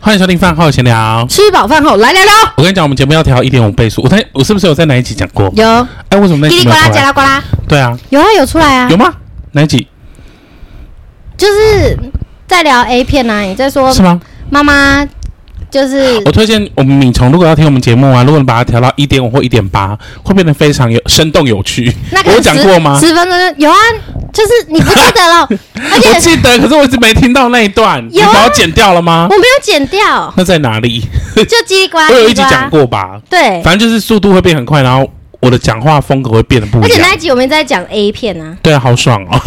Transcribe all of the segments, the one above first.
歡迎收聽飯後閒聊，吃飽飯後來聊聊。我跟你講，我們節目要調一點五倍速。我在我是不是有在哪一集講過？有。哎、欸，為什麼那嘰里呱啦嘰里呱啦？對啊，有啊，有出來啊。有嗎？哪一集？就是在聊 A 片啊。你在說？是嗎？媽媽。就是我推薦我們米蟲，如果要聽我們節目啊，如果你把它調到一點五或一點八，會變得非常有生動有趣。那個、我有講過嗎？十分鐘有啊，就是你不記得了， 我記得，可是我一直沒聽到那一段，有啊、你把它剪掉了嗎？我沒有剪掉，那在哪裡？就機關，我有一集講過吧，對，反正就是速度會變很快，然後。我的講話風格會變得不，而且那一集我們在講 A 片啊。對啊，好爽哦！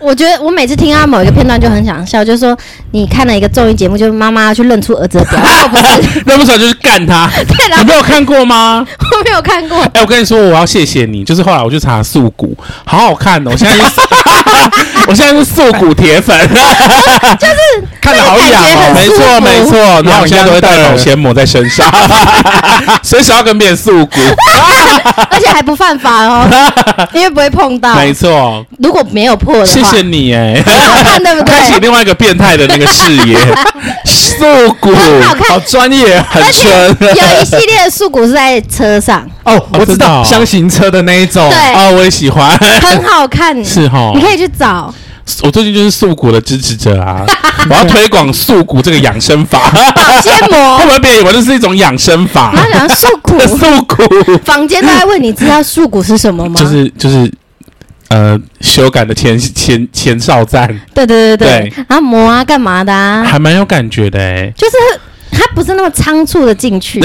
我覺得我每次聽到某一個片段就很想笑，就是說你看了一個綜藝節目，就是媽媽要去認出兒子的表，不 認不出來就去幹他對。你沒有看過嗎？我沒有看過。哎、欸，我跟你說，我要謝謝你，就是後來我去查《素骨》，好好看哦！我現在是， 我現在是《素骨鐵》鐵 粉。就是看的好癢哦，這個，沒錯沒錯，然後我現在都會帶保鮮膜在身上，隨 時 要跟變素骨。 而且還不犯法哦，因為不會碰到。沒錯，如果沒有破的話。謝謝你哎、欸，欸、好看對不對？開啟另外一個變態的那個視野，束 骨，很好看，好專業，而且很專有一系列的束骨是在車上哦，我知道，箱、哦、型車的那一種。對啊、哦，我也喜歡，很好看，是哦，你可以去找。我最近就是素骨的支持者啊！ 我要推廣素骨這個養生法，保膜。會不會別人以為這是一種養生法？我要講素骨，素骨。房間大家在問，你知道素骨是什麼嗎？就是就是，呃，修改的前前前哨站。對對對對，對，然後啊，磨啊，幹嘛的啊？還蠻有感覺的哎、欸，就是。他不是那麼倉促的進去，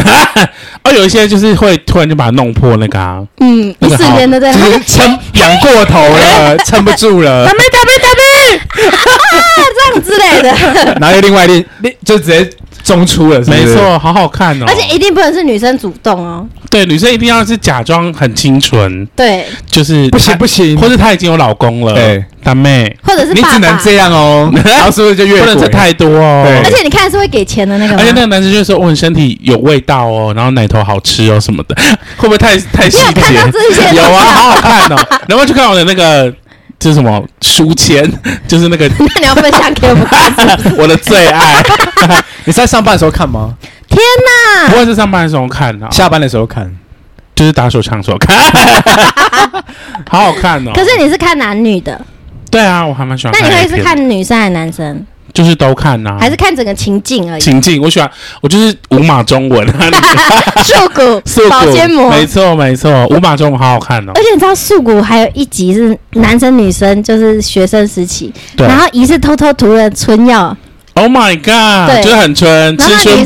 而 哦、有一些就是會突然就把它弄破那個、啊，嗯，那個、一瞬間的這樣，撐，仰過頭了，撐不住了，w w w，背這樣之類的， 然後又另外另另，就直接。中出了是不是？沒錯，好好看哦。而且一定不能是女生主動哦。對，女生一定要是假裝很清純。對，就是不行不行，或者她已經有老公了。對，大妹，或者是爸爸你只能這樣哦。然 後是不是就越不能吃太多哦對？對，而且你看是會給錢的那個。而且那個男生就說：“我身體有味道哦，然後奶頭好吃哦什麼的， 會不會太太細節？”有， 有啊，好好看哦。 能不能去看我的那個？是什麼書籤？就是那個。那你要分享給我 不能下 Q？我的最愛。 你在上班的時候看嗎？天哪！不會是上班的時候看、哦、下班的時候看，就是打手槍的時候看。 好好看哦。可是你是看男女的？對啊，我還蠻喜歡。那你可以是看女生還是男生？就是都看吶、啊，還是看整個情境而已。情境，我喜歡，我就是無碼中文啊，素 骨、保 鮮膜，沒錯沒錯，無碼中文好好看哦。而且你知道，素骨還有一集是男生女生，嗯、就是學生時期，然後疑似偷偷塗了春藥。Oh my god！對，就是、很純，純然後女生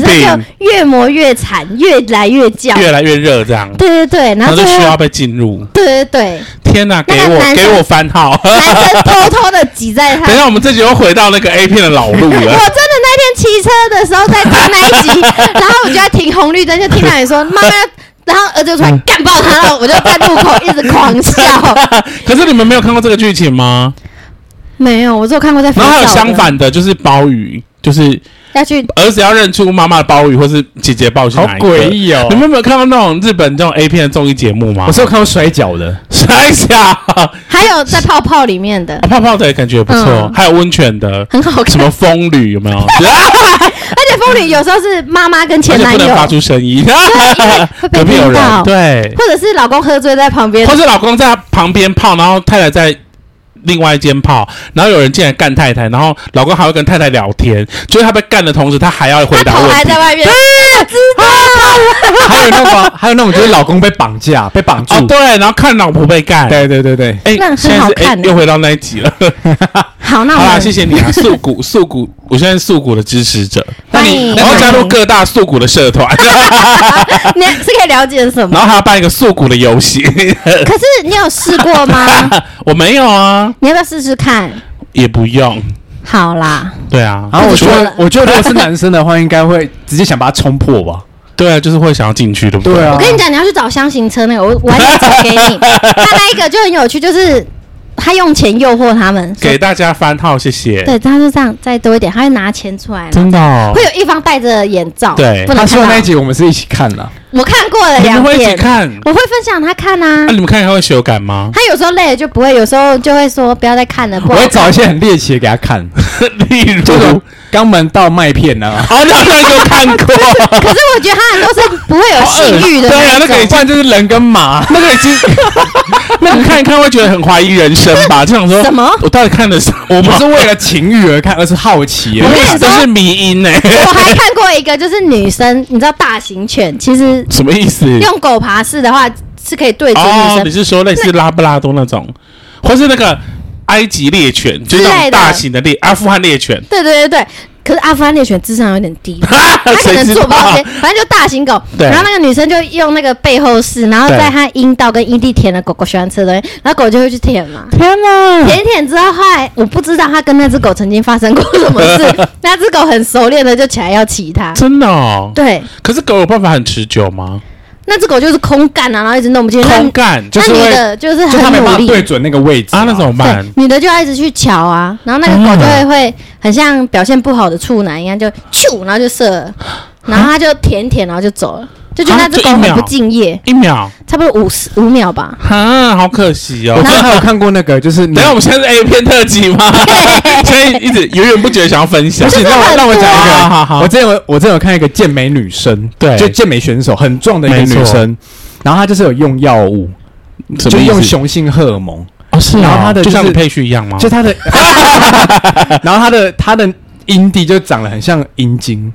就越磨越慘，越來越叫，越來越熱，這樣。對對對然後後，然後就需要被進入。對對對。天哪，給我、那個、給我番號！男生偷偷的擠在他。 等一下，我們這集又回到那個 A 片的老路了。 我真的那天騎車的時候在聽那一集， 然後我就在停紅綠燈，就聽到你說“媽媽”，然後兒子突然幹爆他，然後我就在路口一直狂笑。 可是你們沒有看過這個劇情嗎？沒有，我只有看過在。然後還有相反的，就是鮑魚就是要去兒子要認出媽媽的鮑魚，或是姐姐鮑魚，好詭異哦！你們有沒有看到那種日本這種 A 片的綜藝節目嗎？我只有看過摔跤的，摔跤。還有在泡泡裡面的、啊、泡泡的，感覺也不錯、嗯。還有溫泉的，很好看。什麼風呂有沒有？ 而且風呂有時候是媽媽跟前男友，不能發出聲音， 隔壁有人對，或者是老公喝醉在旁邊，或是老公在旁邊泡，然後太太在。另外一間砲，然後有人進來幹太太，然後老公還會跟太太聊天，就是他被幹的同時，他還要回答問題。他還在外面，還 有那種、個，還有那種，就是老公被綁架，被綁住、哦，對，然後看老婆被幹，對對對對，哎、欸，很好看、啊欸，又回到那一集了。 好，那我好有有，謝謝你啊，素股素股，我現在是素股的支持者，那你，然後加入各大素股的社團， 你是可以了解什麼，然後還要辦一個素股的遊戲， 可是你有試過嗎？ 我沒有啊，你要不要試試看？也不用，好啦，對啊，然後我覺得，我，我覺得如果是男生的話， 應該會直接想把它衝破吧。對啊，就是會想要進去，對不對？對啊，我跟你講，你要去找箱型車那個，我我還在找給你。他 那一個就很有趣，就是他用錢誘惑他們，給大家番號，謝謝。對，他就這樣再多一點，他會拿錢出來，真的，哦，會有一方戴着眼罩，對，對不能看。他說那一集我們是一起看的。我看過了兩看我會分享他看啊。那、啊、你們看他看會修改嗎？他有時候累了就不會，有時候就會說不要再看了。不會，我會找一些很獵奇的給他看， 例如肛、就是、 門到麥片呢、啊。好、啊，像他都看過。 對 可是我覺得他們都是不會有性欲的、啊。對啊，那個以看就是人跟馬， 那個已經， 那們已 看一看會覺得很懷疑人生吧？就想說什麼？我到底看的是， 我不是為了情欲而看，而是好奇。我跟你說都是迷因呢、欸。 我還看過一個，就是女生，你知道大型犬其實。什麼意思？用狗爬式的話是可以對哦，你是說類似拉布拉多那種，那或是那個埃及獵犬，就是、那種大型的獵阿富汗獵犬？對對對對。可是阿富汗獵犬智商有點低， 它可能做不好。反正就大型狗，然後那個女生就用那個背後式，然後在她陰道跟陰蒂舔了狗狗喜歡吃的東西，然後狗就會去舔嘛。天哪。舔舔之後，後來我不知道它跟那隻狗曾經發生過什麼事， 那隻狗很熟練的就起來要騎它，真的哦？對。可是狗有辦法很持久嗎？那隻狗就是空幹啊，然後一直弄不進去。空幹就是會，那女的就是很努力對準那個位置啊，啊那怎麼辦？女的就要一直去瞧啊，然後那個狗就會會很像表現不好的處男一樣，就咻，然後就射了，然後它就舔舔，然後就走了。就覺得那隻狗很不敬業，一、啊、秒，秒，差不多五十五秒吧。啊，好可惜哦。我然後還有看過那個，就是你，你知道我們現在是 A 片特輯嗎？ 所以一直源源 不絕想要分享。不行，讓我讓我講一個。好好好。我之前有我之前有看一個健美女生，對，就健美選手很壯的一個女生，然後她就是有用藥物，就用雄性荷爾蒙。啊、哦，是啊、哦。然後她的就，是、就像配序一樣嗎？就她的， 然後她的她的陰蒂就長得很像陰莖。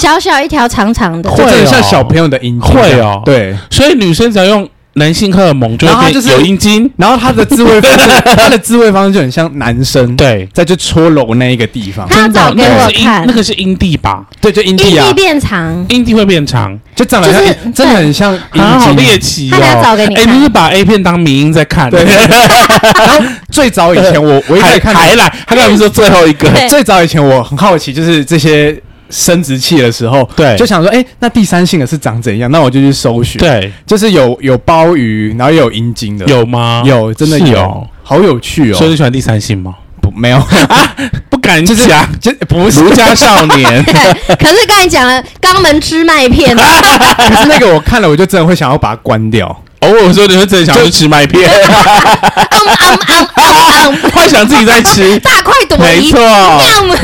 小小一條長長的，會、喔、這很像小朋友的陰莖會哦、喔，對，所以女生只要用男性荷爾蒙，就會變成有陰莖，然後他的自慰方，他的自慰方式就很像男生，對，對，在就搓揉那個一個地方，他找給我看，那個是陰蒂吧？對，對，就陰蒂啊，變長，陰蒂會變長，就長得像，真的很像陰莖，啊，好獵奇哦，哎，你是把 A 片當迷因在看？對，對，然後最早以前我 我一還在看，還來，他剛剛說最後一個，最早以前我很好奇，就是這些。生殖器的時候，對，就想說，哎、欸，那第三性的是長怎樣？那我就去搜尋。對，就是有有鮑魚，然後有陰莖的，有嗎？有，真的有，好有趣哦。所以你喜歡第三性嗎？不，沒有，啊、不敢講，這、 就是、不是儒家少年。 對，可是剛才講了肛門吃麥片， 可是那個我看了，我就真的會想要把它關掉。哦，我說你是真的想去吃麥片，嗯嗯嗯嗯嗯，幻、嗯嗯嗯、想自己在吃 大塊朵頤，沒錯，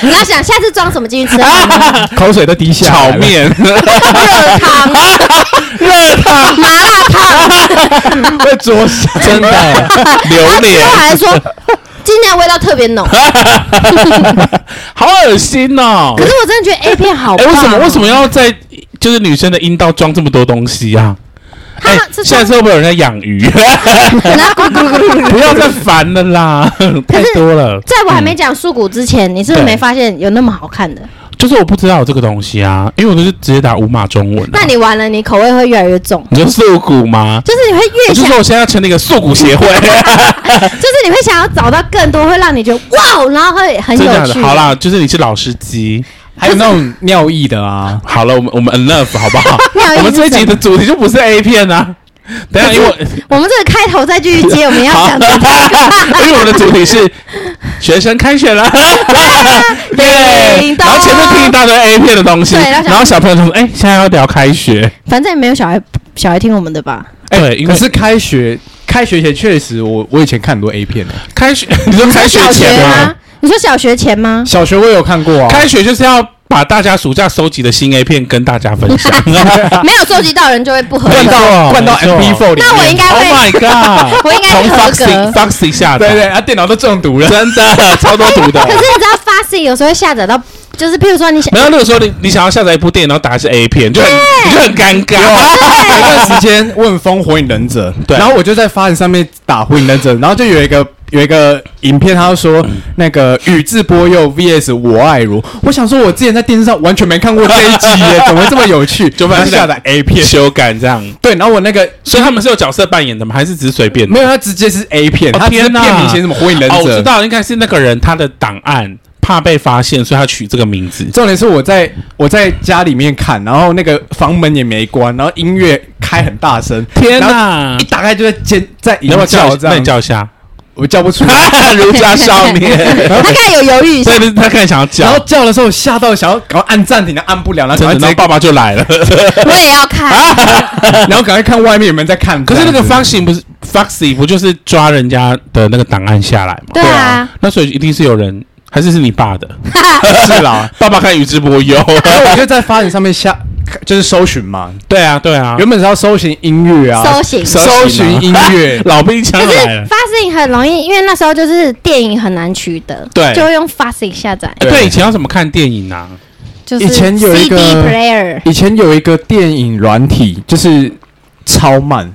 你要想下次裝什麼進去吃？口水都滴下來，炒麵、熱 湯熱湯、熱 湯熱湯、 麻辣燙湯，在 桌上 真的榴耶蓮， 流臉 後後還說 今天味道特別濃， 好噁心哦。可是我真的覺得 A 片好、哦，哎、欸，為什麼為什麼要在就是女生的陰道裝這麼多東西啊？下次、欸、會不會有人在養魚？ 不要再煩了啦，太多了。在我還沒講素股之前、嗯，你是不是沒發現有那麼好看的？就是我不知道有這個東西啊，因為我都是直接打五碼中文、啊。那你完了，你口味會越來越重。你說素股嗎？就是你會越……我就說我現在要成立一個素股協會， 就是你會想要找到更多，會讓你覺得哇，然後會很有趣。好啦，就是你是老司機。還有那種尿意的啊！ 好了，我們我們 enough 好不好？ 我們這一集的主題就不是 A 片呢、啊。等一下，因為我， 我們這個開頭再繼續接，我們要講的。 因為我們的主題是學生開學了，耶、 yeah,！然後前面聽一大堆 A 片的東西然，然後小朋友說：“哎、欸，現在要聊開學。”反正也沒有小孩小孩聽我們的吧？欸、對，可是開學開學前確實我，我我以前看很多 A 片的。開學，你說開學前嗎？你說小學前嗎？小學我也有看過啊、哦，開學就是要把大家暑假收集的新 A 片跟大家分享。 沒有收集到的人就會不合格，灌到灌到 MP4 裡。那我應該被、oh my god、 我應該從 Foxy, Foxy 下載，對對，對啊，電腦都中毒了， 真的超多毒的。 可是你知道 Foxy 有時候會下載到，就是譬如說你想沒有那個時候你你想要下載一部電影，然後打的是 A 片，就很 就很尷尬。 有段時間 瘋、瘋《火影忍者》，對，然後我就在 Foxy 上面打《火影忍者，》 然後就有一個。有一個影片，他說那個宇智波鼬 V S 我愛羅，我想說，我之前在電視上完全沒看過這一集耶，怎麼會這麼有趣？就把它下載 A 片修改這樣對，然後我那個，所以他們是有角色扮演的嗎？還是只是隨便？沒有，他直接是 A 片。哦、他騙你寫什麼火、哦、影忍者、哦？我知道，應該是那個人他的檔案怕被發現，所以他取這個名字。重點是我在我在家裡面看，然後那個房門也沒關，然後音樂開很大聲、嗯，天哪！一打開就在尖在叫這叫在叫一下。我叫不出來，儒 家少年。 他開始有猶豫，所以他開始想要叫。然後叫的時候嚇到，想要搞按暫停按不了了，然後， 然後爸爸就來了。 我也要看，啊、 然後趕快看外面有沒有人在看。可是那個 Foxy 不是 Foxy，不就是抓人家的那個檔案下來嘛、啊。對啊，那所以一定是有人，還是是你爸的？ 是啦， 爸爸看宇智波鼬， 我就在 Foxy 上面下。就是搜尋嘛，對啊，對啊，原本是要搜尋音樂啊，搜尋搜尋音樂、啊，老兵強來了。就是 f a s 很容易，因為那時候就是電影很難取得，對，就會用發 a 下載。對，欸、對，以前要怎麼看電影呢？啊？就是以前有一個 CD player，以前有一個電影軟體，就是超慢，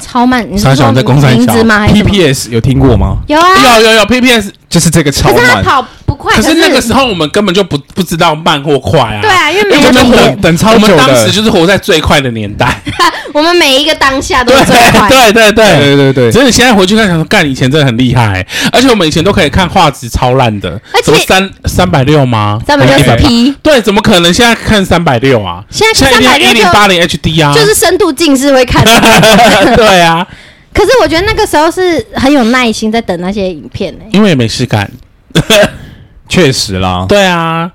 超慢。你想想在公三小 PPS 有聽過嗎？有啊，有有有 PPS，就是這個超慢。可是那個時候，我們根本就不不,不知道慢或快啊。對啊，因為,因為我們就活等等超久我們當時就是活在最快的年代。 我們每一個當下都是最快對對對對。對對對對對對，所以，現在回去看，想說幹以前真的很厲害、欸，而且我們以前都可以看畫質超爛的，而且怎麼三三百六嗎？三百六十 P？對，怎麼可能？現在看三百六啊？現在一定要一零八零 HD 啊？就是深度近視會看。 對啊。 可是我覺得那個時候是很有耐心在等那些影片呢、欸，因為也沒事幹。 確實啦，對啊，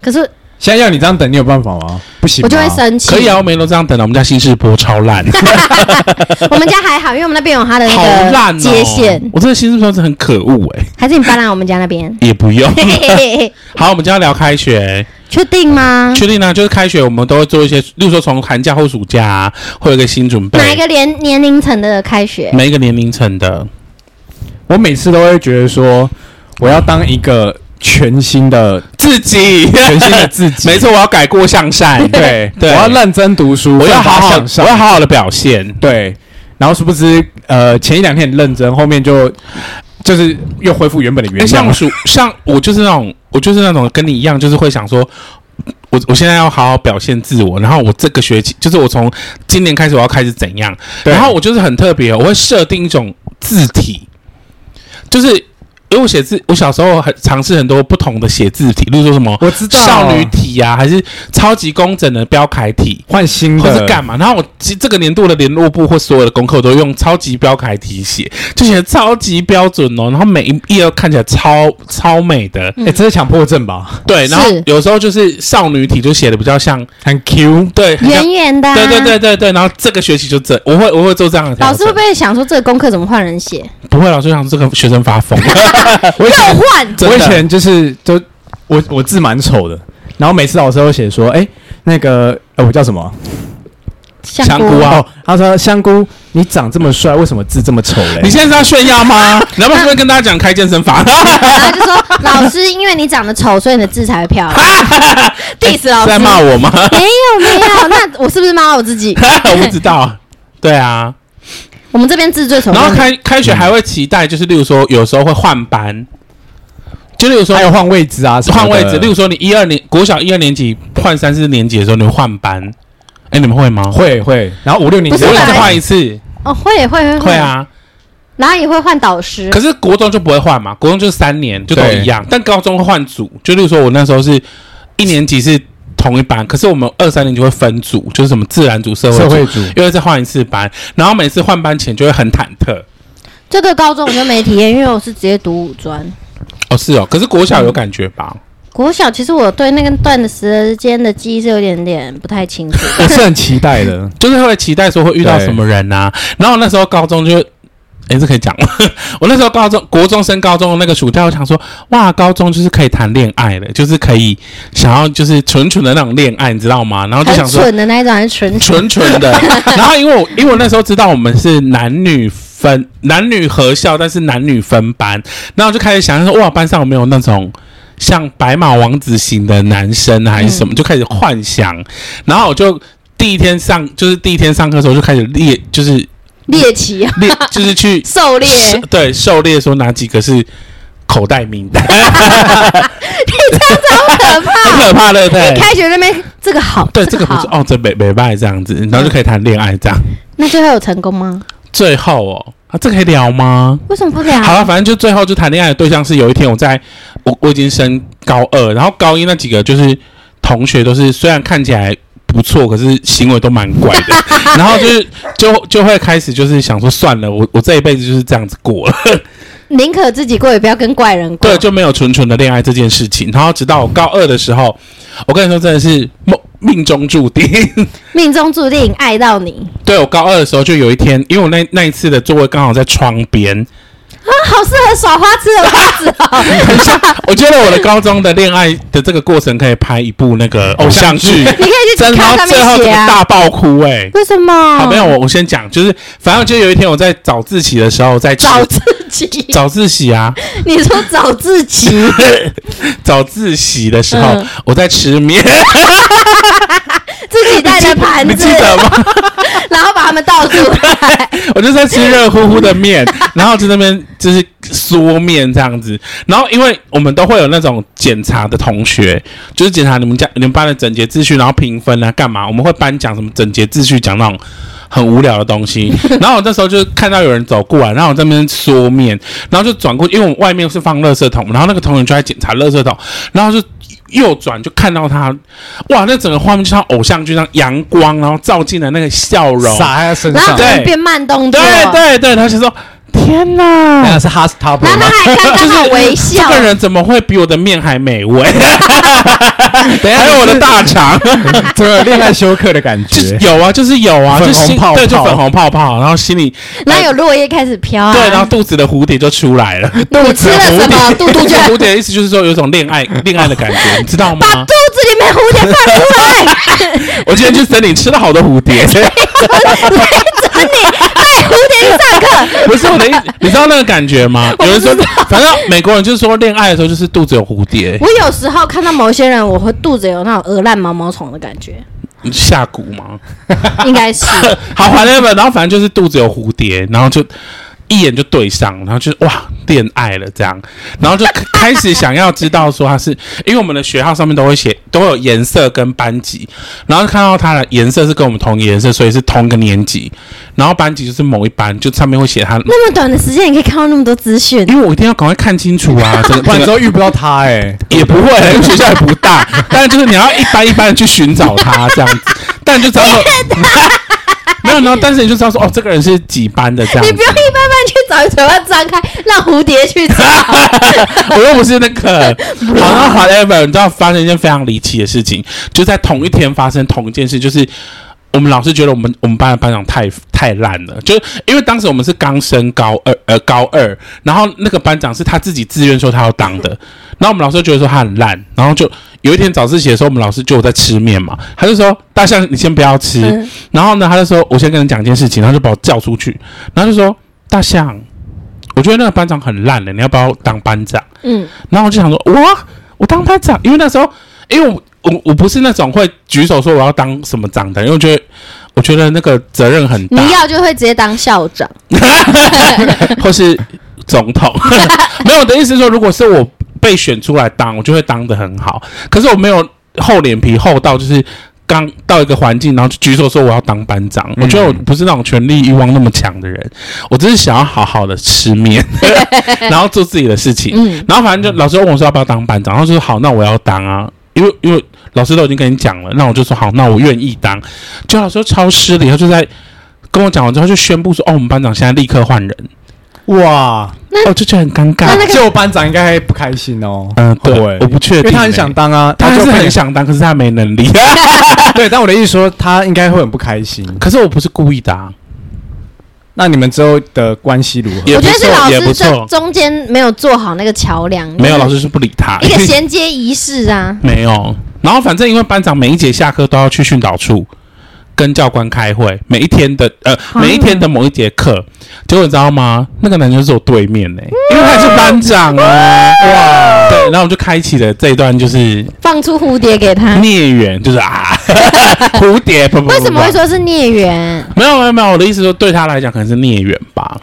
可是現在要你這樣等，你有辦法嗎？不行，我就會生氣。可以啊，我每都這樣等了，我們家新式波超爛 我們家還好，因為我們那邊有他的那個接、喔、線。我這個新式波是很可惡哎、欸，還是你搬來我們家那邊？也不用。 好，我們就要聊開學，確定嗎？確、嗯、定呢、啊，就是開學我們都會做一些，例如說從寒假或暑假、啊、會有一個新準備，哪一個年年齡層的開學，每一個年齡層的。我每次都會覺得說，我要當一個。全新的自己，全新的自己。沒錯，我要改過向善。對，對，我要認真讀書，我要好好，我要好好的表現。對，然後殊不知，呃，前一兩天很認真，後面就就是又恢復原本的原，欸，像我像我就是那種，我就是那種跟你一樣，就是會想說，我我現在要好好表現自我，然後我這個學期就是我從今年開始我要開始怎樣，然後我就是很特別，我會設定一種字體，就是。因、欸、為我寫字，我小時候很嘗試很多不同的寫字體，例、就、如、是、說什麼，我知道少女體呀、啊，還是超級工整的標楷體，換新的或是幹嘛？然後我其實這個年度的聯絡簿或所有的功課我都用超級標楷體寫，就寫的超級標準哦，然後每一頁看起來超超美的，哎、嗯欸，這是強迫症吧、嗯？對，然後有時候就是少女體就寫的比較像很 Q，對，圓圓的、啊，對對對對對，然後這個學期就這，我會我會做這樣的。老師會不會想說這個功課怎麼換人寫？不會，老師想說這個學生發瘋。 又換！我以前就是都我我字蠻醜的，然後每次老師都會寫說，哎、欸，那個、哦，我叫什麼？香菇啊！菇啊哦、他說，香菇，你長這麼帥，為什麼字這麼醜嘞？你現在是在炫耀嗎？能 不能跟大家講開健身房？ 然後就說，老師，因為你長得醜，所以你的字才會漂亮。diss、 欸欸、老師在罵我嗎？ 沒有沒有，那我是不是罵我自己？ 我不知道，對啊。我們這邊自最什麼？然後開開學還會期待，就是例如說，有時候會換班，就例如說還有換位置啊，換位置。例如說，你一二年國小一二年級換三四年級的時候，你會換班，哎、欸，你們會嗎？會會。然後五六年級再換一次，哦，會會會會啊，哪裡會換導師？可是國中就不會換嘛，國中就是三年就都一樣，但高中會換組，就例如說我那時候是一年級是。是同一班，可是我們二三年就會分組，就是什麼自然組、社會組，社會組因為再換一次班，然後每次換班前就會很忐忑。這個高中我就沒體驗， 因為我是直接讀五專。哦，是哦，可是國小有感覺吧？嗯、國小其實我對那個段的時間的記憶是有點點不太清楚。 我是很期待的， 就是會期待說會遇到什麼人吶、啊。然後那時候高中就。也、欸、是可以講， 我那時候高中，國中升高中的那個暑假，我想說，哇，高中就是可以談戀愛的，就是可以想要就是純純的那種戀愛，你知道嗎？然後就想說純的那種純純純的。純純的純純的 然後因為我因為我那時候知道我們是男女分 男女合校，但是男女分班，然後就開始想說，哇，班上有沒有那種像白馬王子型的男生還是什麼？嗯、就開始幻想。然後我就第一天上就是第一天上課的時候就開始列，就是。獵奇啊，就是去狩獵，狩獵。對，狩獵說哪幾個是口袋名單？ 你這樣子好可怕， 好可怕！對不對， 開學那邊這個好，對，這個不是、這個、哦，這沒、沒辦法這樣子，然後就可以談戀愛這樣、嗯。那最後有成功嗎？最後哦，啊，這個、可以聊嗎？為什麼不聊？好了，反正就最後就談戀愛的對象是有一天我在，我我已經升高二，然後高一那幾個就是同學都是，雖然看起來。不錯，可是行為都蠻怪的， 然後就是就就會開始就是想說算了，我我這一輩子就是這樣子過了，寧可自己過也不要跟怪人過，對，就沒有純純的戀愛這件事情。然後直到我高二的時候，我跟你說真的是命命中注定， 命中注定愛到你。對我高二的時候就有一天，因為我那那一次的座位剛好在窗邊。啊、哦，好適合耍花痴的花痴啊！哈哈，很像 我覺得我的高中的戀愛的這個過程可以拍一部那個偶像劇， 你可以去、啊，然後最後大爆哭哎、欸！為什麼？啊、沒有我，我先講，就是反正就有一天我在早自習的時候在吃早自習早自習啊！你說早自習早 自習的時候、嗯、我在吃麵。 自己帶的盤子你，你記得嗎？ 然後把它們倒出來。我就是在吃熱乎乎的麵， 然後在那邊就是嗦麵這樣子。然後因為我們都會有那種檢查的同學，就是檢查你們家、你們班的整潔秩序，然後評分啊，幹嘛？我們會頒獎什麼整潔秩序講那種很無聊的東西。然後我那時候就看到有人走過來，然後我在那邊嗦麵，然後就轉過，因為我們外面是放垃圾桶，然後那個同學就在檢查垃圾桶，然後就。右轉就看到他，哇！那整個畫面就像偶像劇，像陽光，然後照進來那個笑容灑在他身上，然後變慢動作，對對對,對，他就說。天吶，那、啊、是 hot stubble，就是微笑。這個人怎麼會比我的麵還美味？ 還有我的大腸， 對，戀愛休克的感覺。就是、有啊，就是有啊粉紅泡泡泡，就心，對，就粉紅泡泡，泡，然後心裡、呃。然後有落葉開始飄、啊。對，然後肚子的蝴蝶就出來了。你吃了什麼？ 肚子蝴蝶，肚肚子蝴蝶的意思就是說有一種戀愛 戀愛的感覺，你知道嗎？把肚子裡面蝴蝶放出來。 我今天去森林吃了好多蝴蝶。森 林， 蝴蝶上課， 不是我的意思。你， 你知道那個感覺嗎？有人說反正美國人就是說，戀愛的時候就是肚子有蝴蝶。 我有時候看到某些人，我會肚子有那種噁爛毛毛蟲的感覺。下蠱嗎？ 應該該是 好。好懷念吧。然後反正就是肚子有蝴蝶，然後就。一眼就對上，然後就哇，戀愛了這樣，然後就開始想要知道說他是因為我們的學號上面都會寫，都有顏色跟班級，然後看到他的顏色是跟我們同顏色，所以是同個年級，然後班級就是某一班，就上面會寫他。那麼短的時間，你可以看到那麼多資訊？因為我一定要趕快看清楚啊，不然你之後遇不到他誒、欸， 也不會，誒。 學校也不大，但是就是你要一班一班的去尋找他這樣子，但你就找到。 天啊 沒有，然後但是你就知道說：“哦，這個人是幾班的？”這樣你不要一班班去找，你嘴巴張開，讓蝴蝶去找。 我又不是那個。 好，然後，however，你知道發生一件非常離奇的事情，就在同一天發生同一件事，就是我們老師覺得我們我們班的班長太太爛了，就因為當時我們是剛升高二，呃，高二，然後那個班長是他自己自願說他要當的，然後我們老師就覺得說他很爛，然後就。有一天早自習的時候，我們老師就我在吃麵嘛，他就說：“大象，你先不要吃。嗯”然後呢，他就說：“我先跟你講一件事情。”他就把我叫出去，然後就說：“大象，我覺得那個班長很爛的，你要不要當班長？”嗯，然後我就想說：“哇，我當班長，因為那時候，因為，欸，我我我不是那種會舉手說我要當什麼長的，因為我覺得我覺得那個責任很大，你要就會直接當校長， 或是總統。 沒有，我的意思說，如果是我。”被選出來當我就會當得很好，可是我沒有厚臉皮厚到就是剛到一個環境，然後就舉手說我要當班長，嗯。我覺得我不是那種權力欲望那麼強的人，嗯、我只是想要好好的吃麵，嗯、 然後做自己的事情，嗯。然後反正就老師問我說要不要當班長，然後就說好，那我要當啊。因為因為老師都已經跟你講了，那我就說好，那我願意當。結果老師就超失禮，他就在跟我講完之後就宣布說，哦，我們班長現在立刻換人。哇，那我、哦、就覺得很尷尬。那那個就班長應該不開心哦。嗯、呃，對，我不確定、欸，他很想當啊，他就是很想當，可是他沒能力。 對，但我的意思說，他應該會很不開心。 可是我不是故意的啊。那你們之後的關係如何？我覺得是老師在中間沒有做好那個橋梁。沒有，老師是不理他。一個銜接儀式啊。 沒有。然後反正因為班長每一節下課都要去訓導處。跟教官開會，每一天的呃、啊，每一天的某一節課，結果你知道嗎？那個男生是我對面呢、欸嗯，因為他是班長啊、欸。哇！對，然後我就開啟了這一段，就是放出蝴蝶給他孽緣，就是啊， 蝴蝶 為什麼會說是孽緣？沒有沒有沒有，我的意思說對他來講可能是孽緣吧。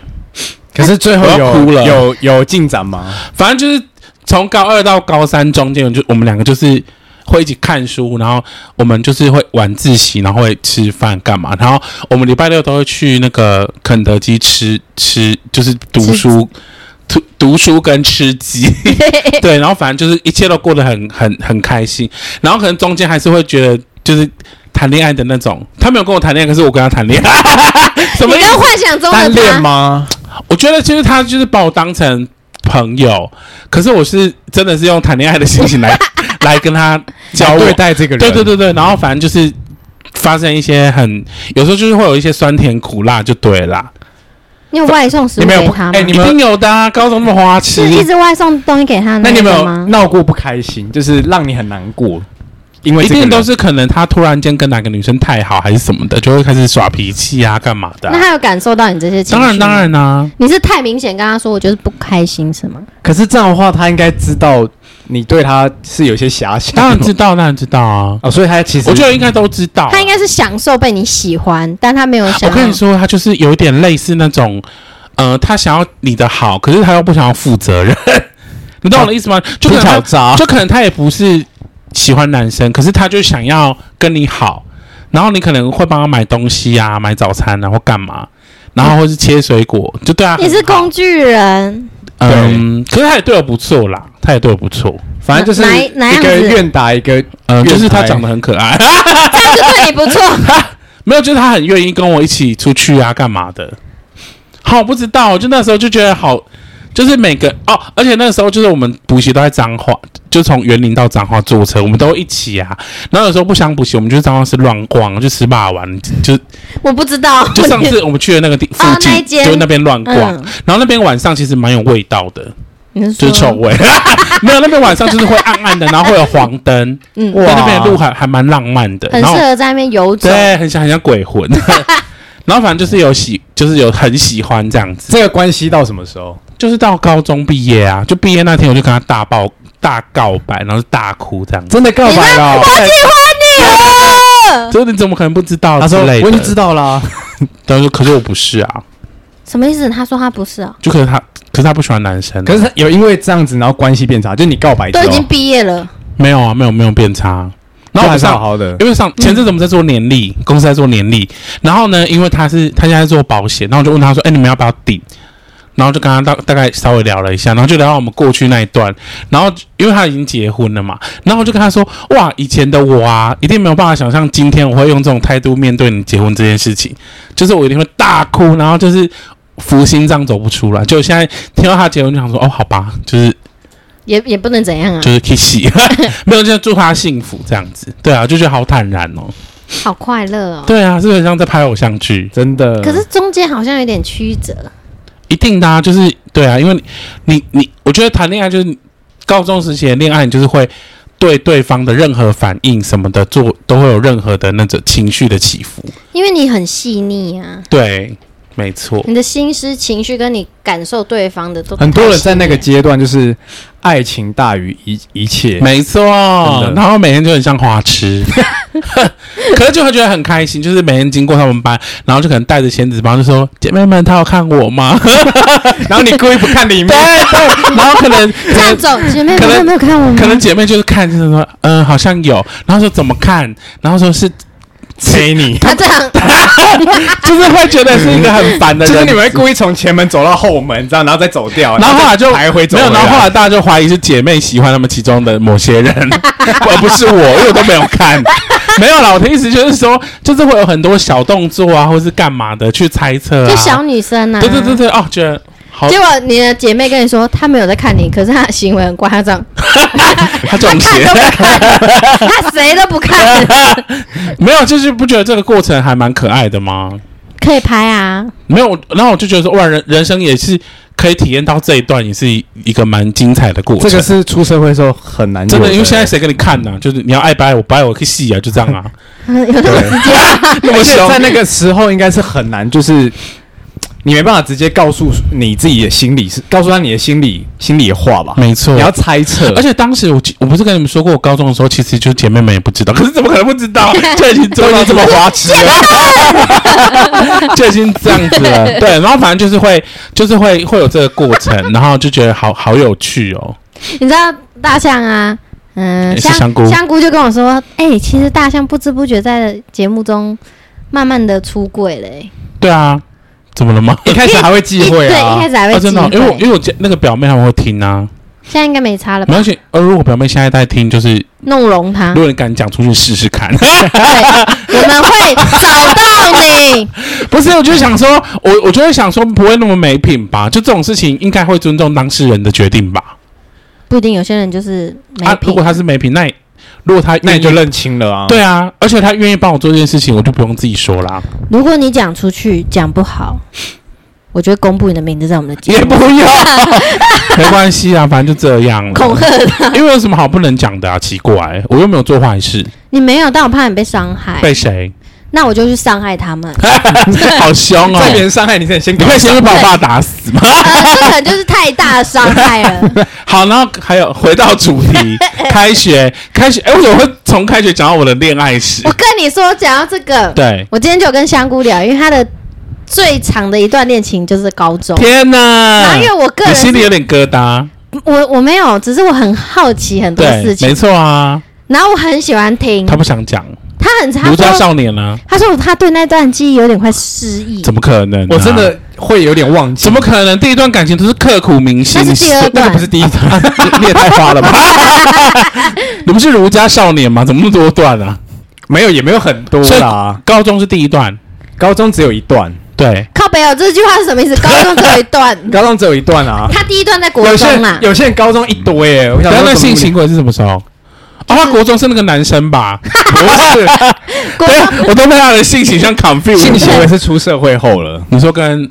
可是最後、啊、有有有進展嗎？反正就是從高二到高三中間，我就我們兩個就是。會一起看書，然後我們就是會晚自習，然後會吃飯幹嘛？然後我們禮拜六都會去那個肯德基吃吃，就是讀書、七七讀,讀書跟吃雞。 對，然後反正就是一切都過得很很很開心。然後可能中間還是會覺得，就是談戀愛的那種。他沒有跟我談戀愛，可是我跟他談戀愛， 什麼？你幻想中的單戀嗎？我覺得其實他就是把我當成朋友，可是我是真的是用談戀愛的心情來。 來跟他交代這個，人，對對對對，然後反正就是發生一些很，有時候就是會有一些酸甜苦辣，就對啦。你有外送食物給他嗎？哎，肯定有的啊，高中那麼花痴，是一直外送東西給他那，那你有沒有鬧過不開心？就是讓你很難過，因為一定都是可能他突然間跟哪個女生太好，還是什麼的，就會開始耍脾氣啊，幹嘛的、啊？那他有感受到你這些情緒嗎？當然當然啊，你是太明顯跟他說，我就是不開心，是嗎？可是這樣的話，他應該知道。你對他是有些遐想，當然知道，當然知道啊！啊、哦，所以他其實，我覺得應該都知道、啊。他應該是享受被你喜歡，但他沒有。我跟你說，他就是有一點類似那種，呃，他想要你的好，可是他又不想要負責任。 你懂我的意思嗎？就可能，就可能他也不是喜歡男生，可是他就想要跟你好，然後你可能會幫他買東西啊，買早餐，啊，或幹嘛，然後或是切水果，就對啊。你是工具人。嗯，可是他也對我不錯啦，他也對我不錯，反正就是一個願打、啊、一個，嗯，就是他長得很可愛，哈、嗯、 這樣就對你不錯、啊、沒有，就是他很願意跟我一起出去啊，幹嘛的，好，不知道，我就那時候就覺得好。就是每個哦，而且那個時候就是我們補習都在彰化，就從員林到彰化坐車，我們都一起啊。然後有時候不想補習，我們就彰化市亂逛，就吃八丸，就我不知道。就上次我們去的那個地附近，哦、就那邊亂逛、嗯。然後那邊晚上其實蠻有味道的，是就是臭味。 沒有那邊晚上就是會暗暗的，然後會有黃燈。嗯，那邊的路還還蠻浪漫的，很適合在那邊遊走。對，很像很像鬼魂。 然後反正就是有喜、嗯，就是有很喜歡這樣子。這個關係到什麼時候？就是到高中畢業啊，就畢業那天，我就跟他大抱大告白，然後就大哭這樣，真的告白了。我喜歡你。所以 你怎麼可能不知道？他說我已經知道了。啊。 他說可是我不是啊。什麼意思？他說他不是啊。就可是他可是他不喜歡男生，啊，可是他有因為這樣子，然後關係變差。就你告白都已經畢業了，沒有啊，沒有沒有變差，然後還是好好的。因為上前陣子我們在做年曆，嗯，公司在做年曆，然後呢，因為他是他現在在做保險，然後我就問他說：“哎，欸，你們要不要頂？”然後就跟他大大概稍微聊了一下，然後就聊到我們過去那一段，然後因為他已經結婚了嘛，然後我就跟他說：“哇，以前的我、啊、一定沒有辦法想象，今天我會用這種態度面對你結婚這件事情，就是我一定會大哭，然後就是，負心臟走不出來。就現在聽到他結婚，就想說：哦，好吧，就是也也不能怎樣啊，就是 kiss， 沒有，就是祝他幸福這樣子。對啊，就覺得好坦然哦，好快樂哦。對啊，是很像在拍偶像劇，真的。可是中間好像有點曲折。”一定的啊，就是對啊，因為你，你，你，我覺得談戀愛就是高中時期的戀愛，就是會對對方的任何反應什麼的做，都會有任何的那種情緒的起伏，因為你很細膩啊，對，沒錯，你的心思、情緒跟你感受對方的都很多人在那個階段就是愛情大於一一切，沒錯，然後每天就很像花癡。 呵，可能就會覺得很開心，就是每天經過他們班，然後就可能帶着鉗子，然後就說：“姐妹們，他要看我嗎？” 然後你故意不看裡面，對對。然後可能這樣走，姐妹們都可能沒有看我們，可能姐妹就是看，就是說嗯，好像有，然後說怎麼看，然後說是追你，他這樣 就是會覺得是一個很煩的人，嗯。就是你會故意從前門走到後門，你知道，然後再走掉，然後走然後，後來就來回沒有，然後後來大家就懷疑是姐妹喜歡他們其中的某些人，而 不，不是我，因為我都沒有看。沒有啦，我的意思就是說，就是會有很多小動作啊，或是幹嘛的去猜測啊。就小女生啊，對對對對，哦，覺得好。結果你的姐妹跟你說，她沒有在看你，可是她的行為很誇張 她總都不看，她誰都不看。 沒有，就是不覺得這個過程還蠻可愛的嗎？可以拍啊。沒有，然後我就覺得說偶然，哇，人人生也是。可以體驗到這一段也是一個蠻精彩的故事。這個是出社會的時候很難，真的，因為現在誰給你看呢、啊？就是你要愛不愛我不愛我可以戲啊，就這樣啊。 對。 而且在那個時候應該是很難，就是。你沒辦法直接告訴你自己的心裡，是告訴他你的心理、心裡話吧？沒錯，你要猜測。而且當時我我不是跟你們說過，我高中的時候其實就姐妹們也不知道，可是怎麼可能不知道？就已經做到這麼花痴， 就，已了 就已經這樣子了。對，然後反正就是會就是會會有這個過程，然後就覺得好好有趣哦。你知道大象啊，嗯，香，香菇香菇就跟我說：“哎、欸，其實大象不知不覺在節目中慢慢的出櫃嘞。”對啊。怎麼了嗎？一開始還會忌諱啊！對，一開始還會忌諱、啊。真的、哦，因為因為我，因為我那個表妹她們會聽啊，現在應該沒差了吧？沒關係。而如果表妹現在在聽，就是弄聾他。如果你敢講出去試試看？對， 我們會找到你。 不是，我就想說，我我就在想說不會那麼沒品吧？就這種事情，應該會尊重當事人的決定吧？不一定，有些人就是沒品、啊啊、如果他是沒品，那……如果他，那你就認清了啊！對啊，而且他願意幫我做這件事情，我就不用自己說啦、啊。如果你講出去講不好，我就會公布你的名字在我們的節目也不用 沒關係啊，反正就這樣了。恐嚇他、啊？因為有什麼好不能講的啊？奇怪，我又沒有做壞事，你沒有，但我怕你被傷害。被誰？那我就去傷害他們， 好兇哦！對別人傷害你才先，你先先，你先把我爸打死嗎？ 呃、這可、個、能就是太大的傷害了。 好，然後還有回到主題， 開學，開學，哎、欸，為什麼我會從開學講到我的戀愛史？我跟你說，講到這個，對，我今天就有跟香菇聊，因為他的最長的一段戀情就是高中。天哪、啊！然後因為我個人心裡有點疙瘩，我我沒有，只是我很好奇很多事情，對沒錯啊。然後我很喜歡聽，他不想講。他很他儒家少年了、啊。他說他對那段記憶有點快失憶。怎麼可能、啊？我真的會有點忘記？怎麼可能？第一段感情都是刻骨銘心。是第二段是是不是第一段，啊啊、你也太花了吧？ 你不是儒家少年嗎？怎麼那麼多段啊？ 沒有，也沒有很多啦是啊。高中是第一段，高中只有一段。對，靠北歐這句話是什麼意思？高中只有一段， 高中只有一段啊？ 他第一段在國中嘛。有些，有些人高中一多耶、欸，我想問、嗯、那性行為是什麼時候？啊、就是，哦、他國中是那個男生吧？ 不是， 對，confused, 對，我都被他的性情，像 confuse。性情我也是出社會後了。你說跟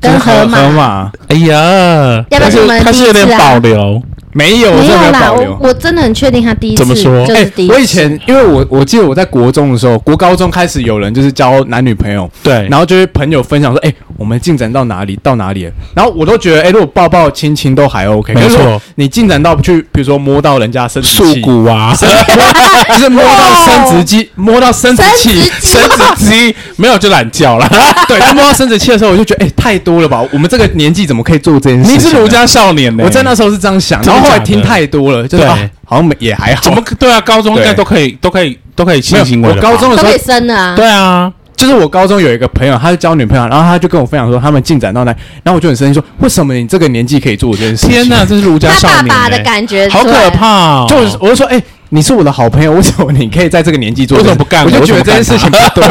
跟河馬、馬？哎呀，他是他是有點保留。啊沒有，沒有，真沒有我，我真的很確定他第一次是怎麼說？哎、欸，我以前因為我我記得我在國中的時候，國高中開始有人就是交男女朋友，對，然後就跟朋友分享說，哎、欸，我們進展到哪裡到哪裡，然後我都覺得，哎、欸，如果抱抱親親都還 OK，沒錯，就是，你進展到去，比如說摸到人家生殖骨啊，哈哈哈就是摸到生殖器，oh.，摸到生殖器，生殖器，沒有就懶叫了， 對，摸到生殖器的時候我就覺得，哎、欸，太多了吧？我們這個年紀怎麼可以做這件事情？你是儒家少年呢，欸，我在那時候是這樣想，然後。我聽太多了，的就對吧、啊？好像沒也還好。怎麼對啊？高中應該都可以，都可以，都可以進行。我高中的時候都生啊。對啊，就是我高中有一個朋友，他就交女朋友，然後他就跟我分享說他們進展到那，然後我就很生氣說：為什麼你這個年紀可以做這件事情？天哪，這是儒家少年、欸、爸爸的感覺，好可怕、哦！就我就說：哎、欸，你是我的好朋友，為什麼你可以在這個年紀做？為什麼不幹？我就覺得這件事情不對。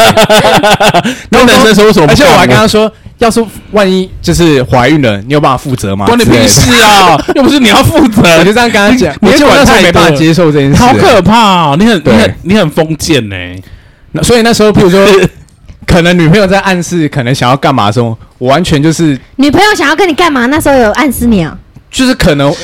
那 男生說：為什麼不幹？而且我還跟他說。要是萬一就是懷孕了，你有辦法負責嗎？關你屁事啊！ 又不是你要負責， 你你就這樣跟他講。我就完全沒辦法接受這件事、欸，好可怕、哦！你很你很你很封建呢、欸。所以那時候，譬如說， 可能女朋友在暗示，可能想要幹嘛的時候，我完全就是女朋友想要跟你幹嘛？那時候有暗示你啊？就是可能。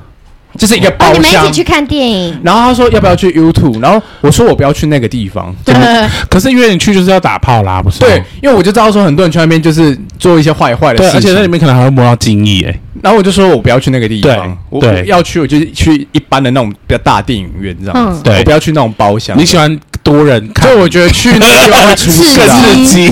就是一個包廂，哦，你們一起去看電影。然後他說要不要去 U2？然後我說我不要去那個地方。對，可是因為你去就是要打炮啦，不是？對，因為我就知道說很多人去那邊就是做一些壞壞的事情，而且那裡面可能還會摸到精液，欸、然後我就說我不要去那個地方，對對我，我要去我就去一般的那種比較大電影院這樣子。嗯、對我不要去那種包廂。你喜歡多人看？所以我覺得去那個地方會出 刺激。更刺激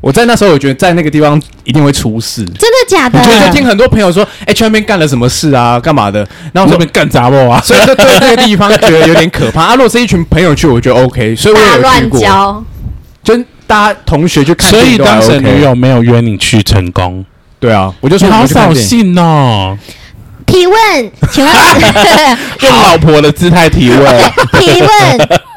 我在那時候我覺得在那個地方一定會出事，真的假的？我就聽很多朋友說，欸，前面幹了什麼事啊，幹嘛的？然後我這邊幹砸我啊，所以就對那個地方覺得有點可怕。 啊，如果是一群朋友去，我覺得 O K。所以我要亂交，就大家同學就看，OK。所以當時女友沒有約你去成功，對啊，我就說好掃興哦。提問，請問，問 用老婆的姿態提問？ 提問，